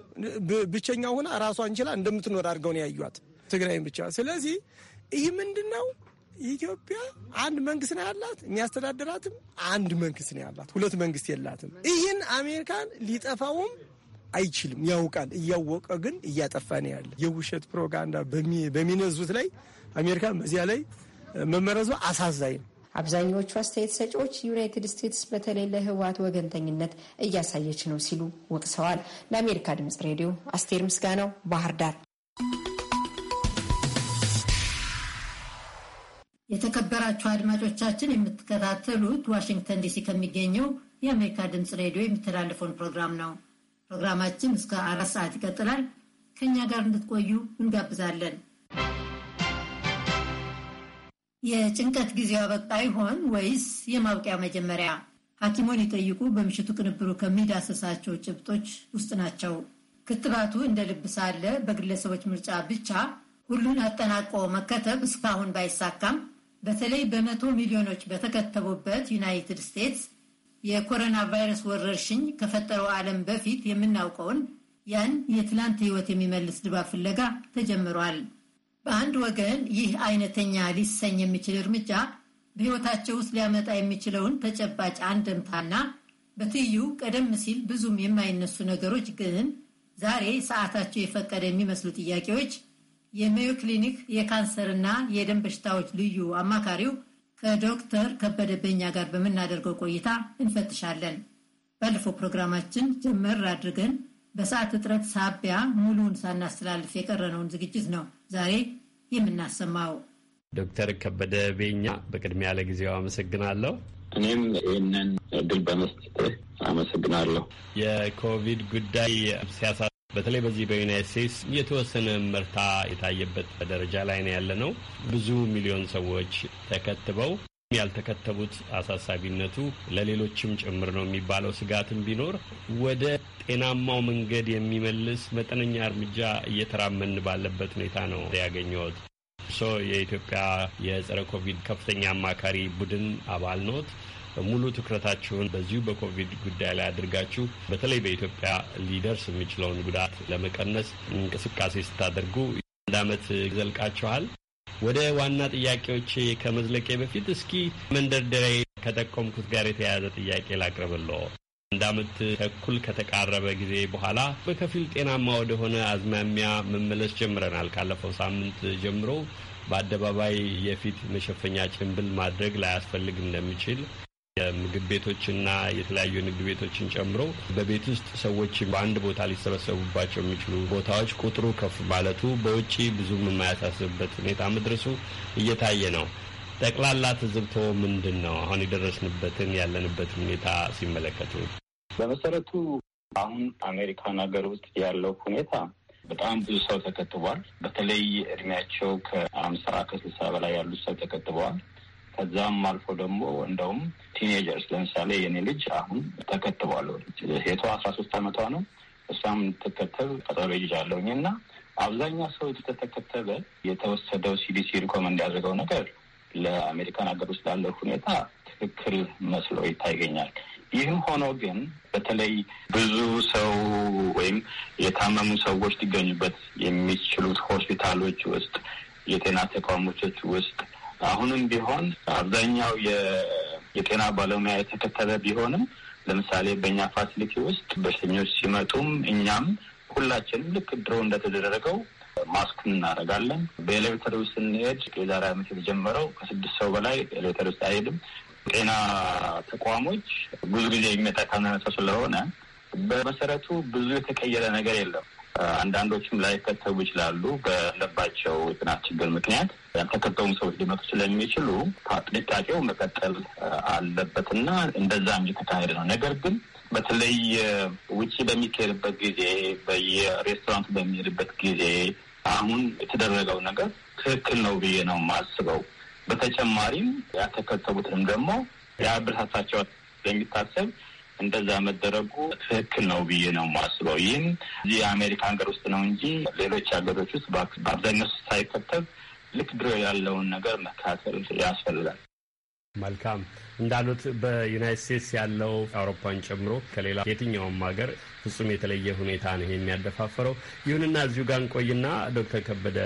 ብቸኛ ሆና ራሷን ችላ እንደምትኖር አድርገው ነው ያዩት ትግራይን ብቻ። ስለዚህ ይህ ምንድን ነው ኢትዮጵያ አንድ መንግስት ነው ያላት፣ የሚያስተዳድራትም አንድ መንግስት ነው ያላት፣ ሁለት መንግስት የላትም። ይህን አሜሪካን ሊጠፋውም አይችልም፣ ያውቃል። እያወቀ ግን እያጠፋ ነው ያለ የውሸት ፕሮጋንዳ በሚነዙት ላይ አሜሪካን በዚያ ላይ መመረዙ አሳዛኝ ነው። አብዛኛዎቹ አስተያየት ሰጪዎች ዩናይትድ ስቴትስ በተለይ ለህወሀት ወገንተኝነት እያሳየች ነው ሲሉ ወቅሰዋል። ለአሜሪካ ድምጽ ሬዲዮ አስቴር ምስጋናው ባህር ዳር። የተከበራችሁ አድማጮቻችን የምትከታተሉት ዋሽንግተን ዲሲ ከሚገኘው የአሜሪካ ድምፅ ሬዲዮ የሚተላለፈውን ፕሮግራም ነው። ፕሮግራማችን እስከ አራት ሰዓት ይቀጥላል። ከእኛ ጋር እንድትቆዩ እንጋብዛለን። የጭንቀት ጊዜው አበቃ ይሆን ወይስ የማብቂያ መጀመሪያ? ሐኪሞን ይጠይቁ በምሽቱ ቅንብሩ ከሚዳሰሳቸው ጭብጦች ውስጥ ናቸው። ክትባቱ እንደ ልብ ሳለ በግለሰቦች ምርጫ ብቻ ሁሉን አጠናቆ መከተብ እስካሁን ባይሳካም በተለይ በመቶ ሚሊዮኖች በተከተቡበት ዩናይትድ ስቴትስ የኮሮና ቫይረስ ወረርሽኝ ከፈጠረው ዓለም በፊት የምናውቀውን ያን የትላንት ሕይወት የሚመልስ ድባብ ፍለጋ ተጀምሯል። በአንድ ወገን ይህ አይነተኛ ሊሰኝ የሚችል እርምጃ በሕይወታቸው ውስጥ ሊያመጣ የሚችለውን ተጨባጭ አንድምታና በትይዩ ቀደም ሲል ብዙም የማይነሱ ነገሮች ግን ዛሬ ሰዓታቸው የፈቀደ የሚመስሉ ጥያቄዎች የሜዮ ክሊኒክ የካንሰርና የደም በሽታዎች ልዩ አማካሪው ከዶክተር ከበደ በኛ ጋር በምናደርገው ቆይታ እንፈትሻለን። ባለፈው ፕሮግራማችን ጀመር አድርገን በሰዓት እጥረት ሳቢያ ሙሉውን ሳናስተላልፍ የቀረነውን ዝግጅት ነው ዛሬ የምናሰማው። ዶክተር ከበደ ቤኛ በቅድሚያ ለጊዜው አመሰግናለሁ። እኔም ይህንን እድል በመስጠት አመሰግናለሁ። የኮቪድ ጉዳይ ሲያሳ በተለይ በዚህ በዩናይት ስቴትስ የተወሰነ ምርታ የታየበት በደረጃ ላይ ነው ያለ ነው። ብዙ ሚሊዮን ሰዎች ተከትበው ያልተከተቡት አሳሳቢነቱ ለሌሎችም ጭምር ነው የሚባለው ስጋትም ቢኖር ወደ ጤናማው መንገድ የሚመልስ መጠነኛ እርምጃ እየተራመን ባለበት ሁኔታ ነው ያገኘሁት። እርስዎ የኢትዮጵያ የጸረ ኮቪድ ከፍተኛ አማካሪ ቡድን አባል ኖት። ሙሉ ትኩረታችሁን በዚሁ በኮቪድ ጉዳይ ላይ አድርጋችሁ በተለይ በኢትዮጵያ ሊደርስ የሚችለውን ጉዳት ለመቀነስ እንቅስቃሴ ስታደርጉ አንድ ዓመት ዘልቃችኋል። ወደ ዋና ጥያቄዎች ከመዝለቄ በፊት እስኪ መንደርደሪያ ከጠቆምኩት ጋር የተያያዘ ጥያቄ ላቅርብልዎ። አንድ ዓመት ተኩል ከተቃረበ ጊዜ በኋላ በከፊል ጤናማ ወደሆነ አዝማሚያ መመለስ ጀምረናል። ካለፈው ሳምንት ጀምሮ በአደባባይ የፊት መሸፈኛ ጭንብል ማድረግ ላያስፈልግ እንደሚችል የምግብ ቤቶችና የተለያዩ ንግድ ቤቶችን ጨምሮ በቤት ውስጥ ሰዎች በአንድ ቦታ ሊሰበሰቡባቸው የሚችሉ ቦታዎች ቁጥሩ ከፍ ማለቱ በውጭ ብዙም የማያሳስብበት ሁኔታ መድረሱ እየታየ ነው። ጠቅላላ ትዝብቶ ምንድን ነው? አሁን የደረስንበትን ያለንበት ሁኔታ ሲመለከቱ በመሰረቱ አሁን አሜሪካን ሀገር ውስጥ ያለው ሁኔታ በጣም ብዙ ሰው ተከትቧል። በተለይ እድሜያቸው ከአምሳ ከስልሳ በላይ ያሉት ሰው ተከትበዋል። ከዛም አልፎ ደግሞ እንደውም ቲኔጀርስ ለምሳሌ የኔ ልጅ አሁን ተከትቧል። ሴቷ አስራ ሶስት አመቷ ነው። እሷም ትከተብ ቀጠሮ ይዣለሁኝ እና አብዛኛው ሰው የተተከተበ የተወሰደው ሲዲሲ ሪኮመንድ ያደረገው ነገር ለአሜሪካን ሀገር ውስጥ ላለው ሁኔታ ትክክል መስሎ ይታይገኛል። ይህም ሆኖ ግን በተለይ ብዙ ሰው ወይም የታመሙ ሰዎች ሊገኙበት የሚችሉት ሆስፒታሎች ውስጥ የጤና ተቋሞች ውስጥ አሁንም ቢሆን አብዛኛው የጤና ባለሙያ የተከተለ ቢሆንም ለምሳሌ በእኛ ፋሲሊቲ ውስጥ በሽተኞች ሲመጡም እኛም ሁላችንም ልክ ድሮ እንደተደረገው ማስክ እናደርጋለን። በኤሌቬተር ውስጥ ስንሄድ የዛሬ ዓመት የተጀመረው ከስድስት ሰው በላይ ኤሌቬተር ውስጥ አይሄድም። ጤና ተቋሞች ብዙ ጊዜ የሚመጣ ካነሳ ስለሆነ በመሰረቱ ብዙ የተቀየረ ነገር የለም። አንዳንዶችም ላይከተቡ ይችላሉ። በለባቸው የጥናት ችግር ምክንያት ያልተከተቡም ሰዎች ሊመጡ ስለሚችሉ ጥንቃቄው መቀጠል አለበትና እንደዛም እየተካሄደ ነው። ነገር ግን በተለይ ውጪ በሚካሄድበት ጊዜ፣ በየሬስቶራንቱ በሚሄድበት ጊዜ አሁን የተደረገው ነገር ትክክል ነው ብዬ ነው የማስበው። በተጨማሪም ያልተከተቡትንም ደግሞ የአብረታታቸው የሚታሰብ። እንደዛ መደረጉ ትክክል ነው ብዬ ነው የማስበው። ይህም እዚህ የአሜሪካ ሀገር ውስጥ ነው እንጂ ሌሎች ሀገሮች ውስጥ በአብዛኛው ሳይከተብ ልክ ድሮ ያለውን ነገር መከታተል ያስፈልጋል። መልካም እንዳሉት በዩናይት ስቴትስ ያለው አውሮፓን ጨምሮ ከሌላ የትኛውም ሀገር ፍጹም የተለየ ሁኔታ ነው የሚያደፋፈረው። ይሁንና እዚሁ ጋር እንቆይና ዶክተር ከበደ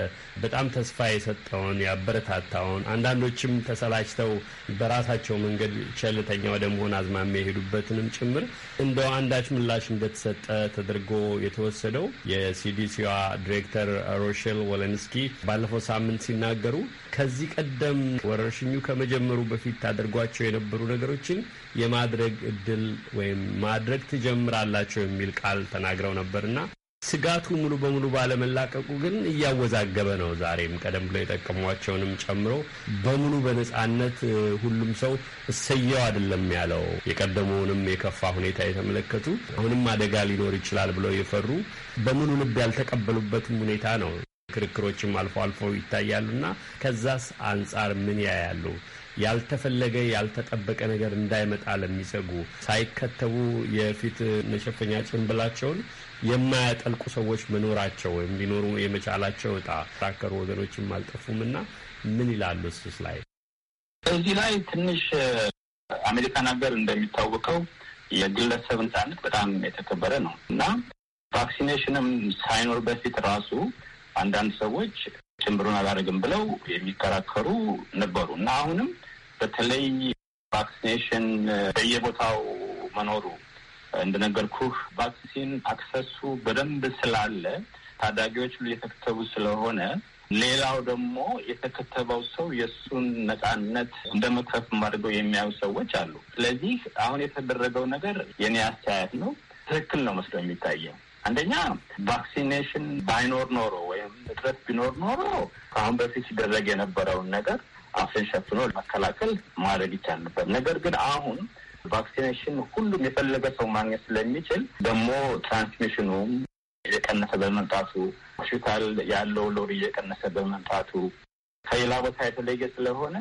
በጣም ተስፋ የሰጠውን ያበረታታውን፣ አንዳንዶችም ተሰላችተው በራሳቸው መንገድ ቸልተኛ ወደ መሆን አዝማሚያ የሄዱበትንም ጭምር እንደ አንዳች ምላሽ እንደተሰጠ ተደርጎ የተወሰደው የሲዲሲዋ ዲሬክተር ሮሼል ወለንስኪ ባለፈው ሳምንት ሲናገሩ ከዚህ ቀደም ወረርሽኙ ከመጀመሩ በፊት ታደርጓቸው የነበሩ ነገሮችን የማድረግ እድል ወይም ማድረግ ትጀምራላቸው የሚል ቃል ተናግረው ነበርና ስጋቱ ሙሉ በሙሉ ባለመላቀቁ ግን እያወዛገበ ነው። ዛሬም ቀደም ብሎ የጠቀሟቸውንም ጨምሮ በሙሉ በነጻነት ሁሉም ሰው እሰየው አይደለም ያለው። የቀደመውንም የከፋ ሁኔታ የተመለከቱ አሁንም አደጋ ሊኖር ይችላል ብለው የፈሩ በሙሉ ልብ ያልተቀበሉበትም ሁኔታ ነው። ክርክሮችም አልፎ አልፎ ይታያሉና ከዛስ አንጻር ምን ያያሉ? ያልተፈለገ ያልተጠበቀ ነገር እንዳይመጣ ለሚሰጉ ሳይከተቡ የፊት መሸፈኛ ጭንብላቸውን የማያጠልቁ ሰዎች መኖራቸው ወይም ሊኖሩ የመቻላቸው እጣ ተራከሩ ወገኖችም አልጠፉም እና ምን ይላሉ እሱስ ላይ እዚህ ላይ ትንሽ አሜሪካን ሀገር እንደሚታወቀው የግለሰብ ነጻነት በጣም የተከበረ ነው እና ቫክሲኔሽንም ሳይኖር በፊት ራሱ አንዳንድ ሰዎች ጭምብሩን አላደርግም ብለው የሚከራከሩ ነበሩ እና አሁንም በተለይ ቫክሲኔሽን በየቦታው መኖሩ እንደነገርኩህ ቫክሲን አክሰሱ በደንብ ስላለ ታዳጊዎች ሁሉ እየተከተቡ ስለሆነ ሌላው ደግሞ የተከተበው ሰው የእሱን ነጻነት እንደ መክፈፍ አድርገው የሚያዩ ሰዎች አሉ። ስለዚህ አሁን የተደረገው ነገር የኔ አስተያየት ነው፣ ትክክል ነው መስሎ የሚታየው አንደኛ ቫክሲኔሽን ባይኖር ኖሮ ወይም እጥረት ቢኖር ኖሮ ከአሁን በፊት ሲደረግ የነበረውን ነገር አፍን ሸፍኖ መከላከል ማድረግ ይቻል ነበር። ነገር ግን አሁን ቫክሲኔሽን ሁሉም የፈለገ ሰው ማግኘት ስለሚችል ደግሞ ትራንስሚሽኑ እየቀነሰ በመምጣቱ ሆስፒታል ያለው ሎድ እየቀነሰ በመምጣቱ ከሌላ ቦታ የተለየ ስለሆነ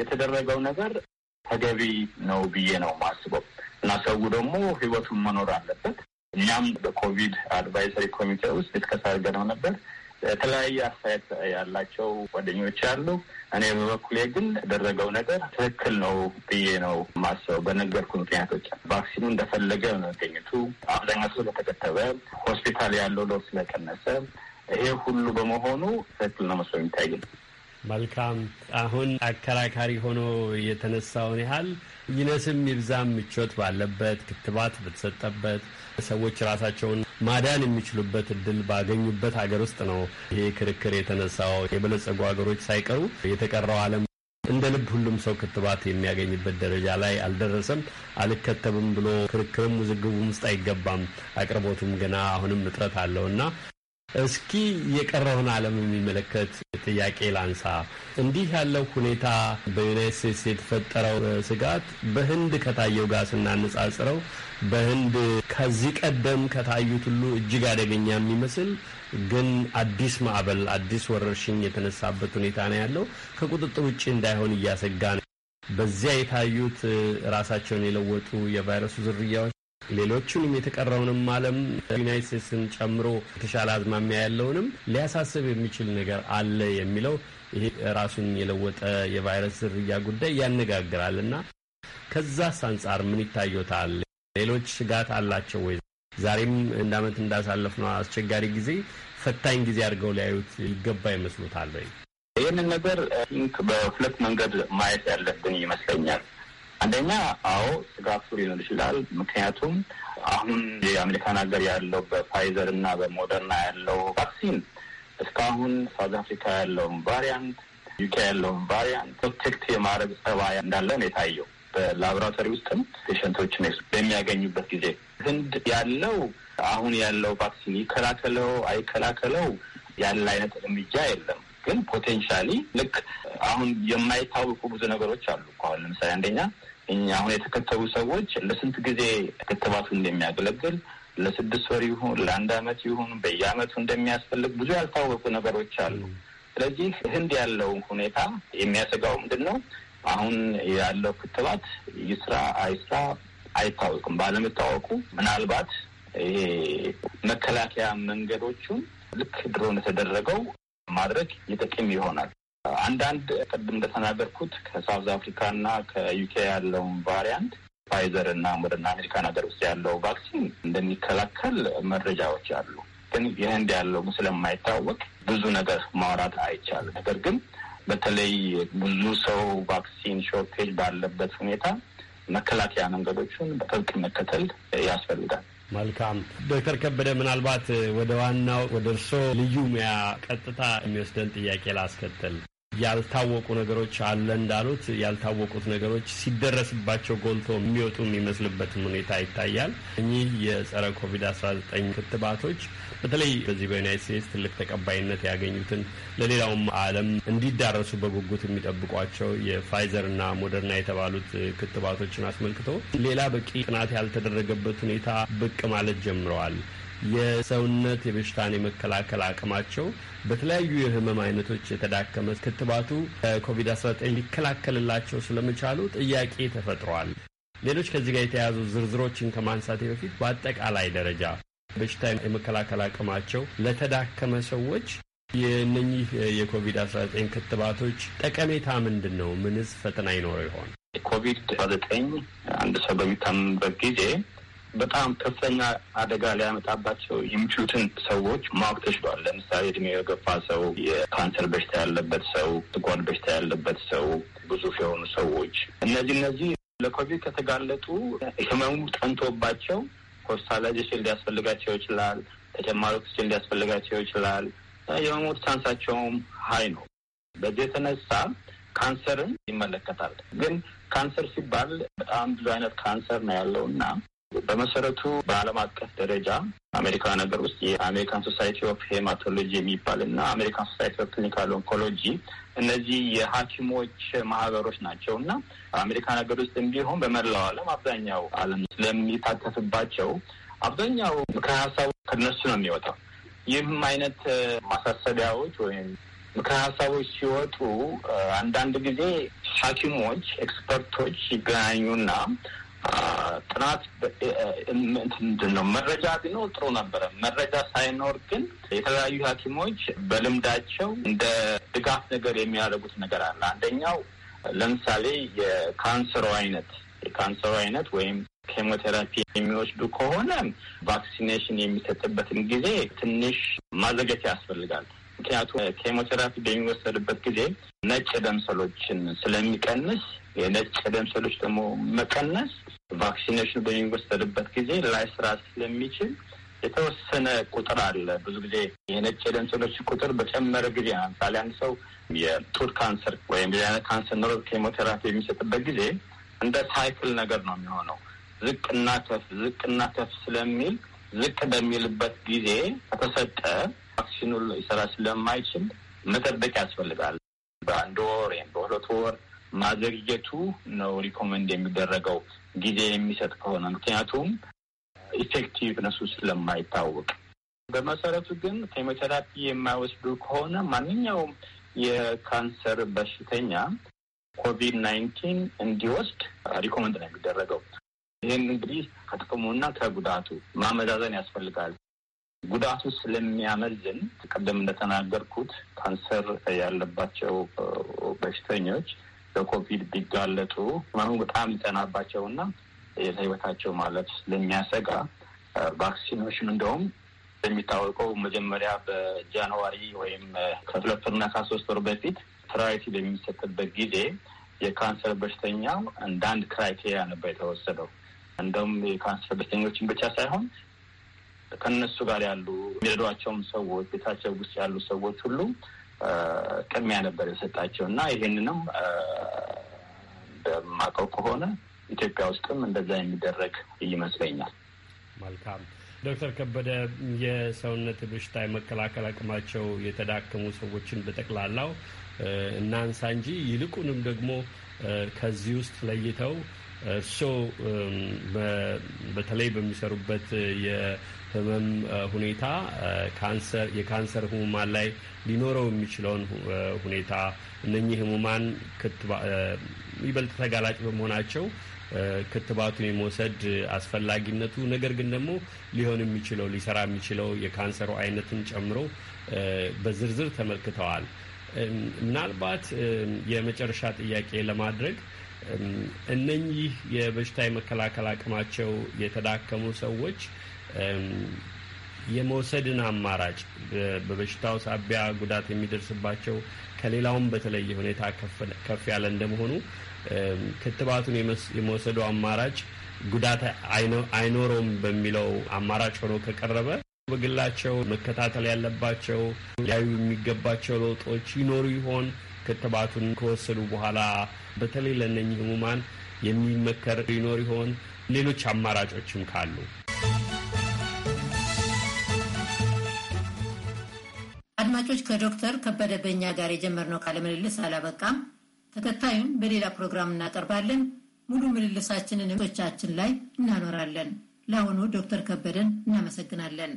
የተደረገው ነገር ተገቢ ነው ብዬ ነው ማስበው እና ሰው ደግሞ ህይወቱን መኖር አለበት። እኛም በኮቪድ አድቫይዘሪ ኮሚቴ ውስጥ ዲስከስ ነበር። የተለያየ አስተያየት ያላቸው ጓደኞች አሉ። እኔ በበኩሌ ግን ያደረገው ነገር ትክክል ነው ብዬ ነው ማስበው። በነገርኩ ምክንያቶች ቫክሲኑ እንደፈለገ መገኘቱ፣ አብዛኛ ሰው ስለተከተበ፣ ሆስፒታል ያለው ሎድ ስለቀነሰ፣ ይሄ ሁሉ በመሆኑ ትክክል ነው መስሎ የሚታይ መልካም። አሁን አከራካሪ ሆኖ የተነሳውን ያህል ይነስም ይብዛም ምቾት ባለበት ክትባት በተሰጠበት ሰዎች ራሳቸውን ማዳን የሚችሉበት እድል ባገኙበት ሀገር ውስጥ ነው ይሄ ክርክር የተነሳው። የበለጸጉ ሀገሮች ሳይቀሩ የተቀረው ዓለም እንደ ልብ ሁሉም ሰው ክትባት የሚያገኝበት ደረጃ ላይ አልደረሰም። አልከተብም ብሎ ክርክርም ውዝግቡም ውስጥ አይገባም። አቅርቦቱም ገና አሁንም እጥረት አለው እና እስኪ የቀረውን ዓለም የሚመለከት ጥያቄ ላንሳ። እንዲህ ያለው ሁኔታ በዩናይት ስቴትስ የተፈጠረው ስጋት በህንድ ከታየው ጋር ስናነጻጽረው በህንድ ከዚህ ቀደም ከታዩት ሁሉ እጅግ አደገኛ የሚመስል ግን አዲስ ማዕበል አዲስ ወረርሽኝ የተነሳበት ሁኔታ ነው ያለው። ከቁጥጥር ውጭ እንዳይሆን እያሰጋ ነው። በዚያ የታዩት ራሳቸውን የለወጡ የቫይረሱ ዝርያዎች ሌሎቹንም የተቀረውንም ዓለም ዩናይት ስቴትስን ጨምሮ የተሻለ አዝማሚያ ያለውንም ሊያሳስብ የሚችል ነገር አለ የሚለው ይሄ ራሱን የለወጠ የቫይረስ ዝርያ ጉዳይ ያነጋግራል እና ከዛስ አንጻር ምን ይታዩታል? ሌሎች ስጋት አላቸው ወይ? ዛሬም እንደ ዓመት እንዳሳለፍ ነው አስቸጋሪ ጊዜ ፈታኝ ጊዜ አድርገው ሊያዩት ይገባ ይመስሉታል ወይ? ይህንን ነገር በሁለት መንገድ ማየት ያለብን ይመስለኛል። አንደኛ አዎ ስጋቱ ሊኖር ይችላል። ምክንያቱም አሁን የአሜሪካን ሀገር ያለው በፋይዘር እና በሞደርና ያለው ቫክሲን እስካሁን ሳውዝ አፍሪካ ያለውን ቫሪያንት፣ ዩኬ ያለውን ቫሪያንት ፕሮቴክት የማድረግ ጸባይ እንዳለ ነው የታየው በላቦራቶሪ ውስጥም ፔሸንቶች በሚያገኙበት ጊዜ ህንድ ያለው አሁን ያለው ቫክሲን ይከላከለው አይከላከለው ያለ አይነት እርምጃ የለም። ግን ፖቴንሻሊ ልክ አሁን የማይታወቁ ብዙ ነገሮች አሉ እኮ አሁን ለምሳሌ አንደኛ እኛ አሁን የተከተቡ ሰዎች ለስንት ጊዜ ክትባቱ እንደሚያገለግል ለስድስት ወር ይሁን ለአንድ አመት ይሁን በየአመቱ እንደሚያስፈልግ ብዙ ያልታወቁ ነገሮች አሉ። ስለዚህ ህንድ ያለው ሁኔታ የሚያሰጋው ምንድን ነው? አሁን ያለው ክትባት ይስራ አይስራ አይታወቅም። ባለመታወቁ ምናልባት ይሄ መከላከያ መንገዶቹን ልክ ድሮ እንደተደረገው ማድረግ ይጠቅም ይሆናል። አንዳንድ ቅድም እንደተናገርኩት ከሳውዝ አፍሪካ አፍሪካና ከዩኬ ያለውን ቫሪያንት ፋይዘር እና ሞደርና አሜሪካን ሀገር ውስጥ ያለው ቫክሲን እንደሚከላከል መረጃዎች አሉ። ግን የህንድ ያለው ስለማይታወቅ ብዙ ነገር ማውራት አይቻልም። ነገር ግን በተለይ ብዙ ሰው ቫክሲን ሾርቴጅ ባለበት ሁኔታ መከላከያ መንገዶችን በጥብቅ መከተል ያስፈልጋል። መልካም ዶክተር ከበደ ምናልባት ወደ ዋናው ወደ እርስዎ ልዩ ሙያ ቀጥታ የሚወስደን ጥያቄ ላስከተል። ያልታወቁ ነገሮች አለ እንዳሉት ያልታወቁት ነገሮች ሲደረስባቸው ጎልቶ የሚወጡ የሚመስልበትም ሁኔታ ይታያል። እኚህ የጸረ ኮቪድ-19 ክትባቶች በተለይ በዚህ በዩናይት ስቴትስ ትልቅ ተቀባይነት ያገኙትን ለሌላውም ዓለም እንዲዳረሱ በጉጉት የሚጠብቋቸው የፋይዘርና ሞደርና የተባሉት ክትባቶችን አስመልክቶ ሌላ በቂ ጥናት ያልተደረገበት ሁኔታ ብቅ ማለት ጀምረዋል። የሰውነት የበሽታን የመከላከል አቅማቸው በተለያዩ የህመም አይነቶች የተዳከመ ክትባቱ ኮቪድ-19 ሊከላከልላቸው ስለመቻሉ ጥያቄ ተፈጥሯል። ሌሎች ከዚህ ጋር የተያያዙ ዝርዝሮችን ከማንሳቴ በፊት በአጠቃላይ ደረጃ በሽታ የመከላከል አቅማቸው ለተዳከመ ሰዎች የእነኚህ የኮቪድ-19 ክትባቶች ጠቀሜታ ምንድን ነው? ምንስ ፈተና ይኖረው ይሆን? ኮቪድ-19 አንድ ሰው በሚታምበት ጊዜ በጣም ከፍተኛ አደጋ ሊያመጣባቸው የሚችሉትን ሰዎች ማወቅ ተችሏል። ለምሳሌ እድሜ የገፋ ሰው፣ የካንሰር በሽታ ያለበት ሰው፣ ስኳር በሽታ ያለበት ሰው፣ ግዙፍ የሆኑ ሰዎች እነዚህ እነዚህ ለኮቪድ ከተጋለጡ ህመሙ ጠንቶባቸው ሆስፒታላይዜሽን ሊያስፈልጋቸው ይችላል። ተጨማሪ ኦክስጅን ሊያስፈልጋቸው ይችላል። የመሞት ቻንሳቸውም ሀይ ነው። በዚህ የተነሳ ካንሰርን ይመለከታል። ግን ካንሰር ሲባል በጣም ብዙ አይነት ካንሰር ነው ያለው እና በመሰረቱ በዓለም አቀፍ ደረጃ አሜሪካ ነገር ውስጥ የአሜሪካን ሶሳይቲ ኦፍ ሄማቶሎጂ የሚባል እና አሜሪካን ሶሳይቲ ኦፍ ክሊኒካል ኦንኮሎጂ እነዚህ የሐኪሞች ማህበሮች ናቸው እና አሜሪካ ነገር ውስጥ ቢሆን በመላው ዓለም አብዛኛው ዓለም ስለሚታተፍባቸው አብዛኛው ምክረ ሀሳቡ ከነሱ ነው የሚወጣው። ይህም አይነት ማሳሰቢያዎች ወይም ምክረ ሀሳቦች ሲወጡ አንዳንድ ጊዜ ሐኪሞች ኤክስፐርቶች ይገናኙና ጥናት ምንድን ነው መረጃ ቢኖር ጥሩ ነበረ። መረጃ ሳይኖር ግን የተለያዩ ሐኪሞች በልምዳቸው እንደ ድጋፍ ነገር የሚያደርጉት ነገር አለ። አንደኛው ለምሳሌ የካንሰሩ አይነት የካንሰሩ አይነት ወይም ኬሞቴራፒ የሚወስዱ ከሆነ ቫክሲኔሽን የሚሰጥበትን ጊዜ ትንሽ ማዘገት ያስፈልጋል። ምክንያቱም ኬሞቴራፒ በሚወሰድበት ጊዜ ነጭ ደምሰሎችን ስለሚቀንስ የነጭ ደምሰሎች ደግሞ መቀነስ ቫክሲኔሽን በሚወሰድበት ጊዜ ላይ ስራ ስለሚችል የተወሰነ ቁጥር አለ። ብዙ ጊዜ የነጭ የደም ሴሎች ቁጥር በጨመረ ጊዜ ለምሳሌ አንድ ሰው የጡት ካንሰር ወይም የአይነት ካንሰር ኖሮ ኬሞቴራፒ የሚሰጥበት ጊዜ እንደ ሳይክል ነገር ነው የሚሆነው። ዝቅና ከፍ ዝቅና ከፍ ስለሚል ዝቅ በሚልበት ጊዜ ከተሰጠ ቫክሲኑ ይሰራ ስለማይችል መጠበቅ ያስፈልጋል። በአንድ ወር ወይም በሁለት ወር ማዘግየቱ ነው ሪኮመንድ የሚደረገው ጊዜ የሚሰጥ ከሆነ ምክንያቱም ኢፌክቲቭ ነሱ ስለማይታወቅ። በመሰረቱ ግን ኬሞቴራፒ የማይወስዱ ከሆነ ማንኛውም የካንሰር በሽተኛ ኮቪድ ናይንቲን እንዲወስድ ሪኮመንድ ነው የሚደረገው። ይህን እንግዲህ ከጥቅሙና ከጉዳቱ ማመዛዘን ያስፈልጋል። ጉዳቱ ስለሚያመዝን ቅድም እንደተናገርኩት ካንሰር ያለባቸው በሽተኞች ለኮቪድ ቢጋለጡ ህመሙ በጣም ሊጠናባቸው ይጠናባቸውና የህይወታቸው ማለት ለሚያሰጋ ቫክሲኖሽን እንደውም የሚታወቀው መጀመሪያ በጃንዋሪ ወይም ከሁለት ወርና ከሶስት ወር በፊት ፕራዮሪቲ በሚሰጥበት ጊዜ የካንሰር በሽተኛ እንደ አንድ ክራይቴሪያ ነበር የተወሰደው። እንደውም የካንሰር በሽተኞችን ብቻ ሳይሆን ከነሱ ጋር ያሉ የሚረዷቸውም ሰዎች ቤታቸው ውስጥ ያሉ ሰዎች ሁሉ ቅድሚያ ነበር የሰጣቸው እና ይህንንም እንደማውቀው ከሆነ ኢትዮጵያ ውስጥም እንደዛ የሚደረግ ይመስለኛል። መልካም ዶክተር ከበደ የሰውነት በሽታ የመከላከል አቅማቸው የተዳከሙ ሰዎችን በጠቅላላው እናንሳ እንጂ ይልቁንም ደግሞ ከዚህ ውስጥ ለይተው እርስዎ በተለይ በሚሰሩበት ህመም ሁኔታ ካንሰር የካንሰር ህሙማን ላይ ሊኖረው የሚችለውን ሁኔታ እነኚህ ህሙማን ይበልጥ ተጋላጭ በመሆናቸው ክትባቱን የመውሰድ አስፈላጊነቱ ነገር ግን ደግሞ ሊሆን የሚችለው ሊሰራ የሚችለው የካንሰሩ አይነትን ጨምሮ በዝርዝር ተመልክተዋል። ምናልባት የመጨረሻ ጥያቄ ለማድረግ እነኚህ የበሽታ የመከላከል አቅማቸው የተዳከሙ ሰዎች የመውሰድን አማራጭ በበሽታው ሳቢያ ጉዳት የሚደርስባቸው ከሌላውም በተለየ ሁኔታ ከፍ ያለ እንደመሆኑ ክትባቱን የመውሰዱ አማራጭ ጉዳት አይኖረውም በሚለው አማራጭ ሆኖ ከቀረበ በግላቸው መከታተል ያለባቸው ሊያዩ የሚገባቸው ለውጦች ይኖሩ ይሆን? ክትባቱን ከወሰዱ በኋላ በተለይ ለእነኚህ ህሙማን የሚመከር ይኖር ይሆን? ሌሎች አማራጮችም ካሉ አድማጮች ከዶክተር ከበደ በኛ ጋር የጀመርነው ቃለ ምልልስ አላበቃም። ተከታዩን በሌላ ፕሮግራም እናቀርባለን። ሙሉ ምልልሳችንን እህቶቻችን ላይ እናኖራለን። ለአሁኑ ዶክተር ከበደን እናመሰግናለን።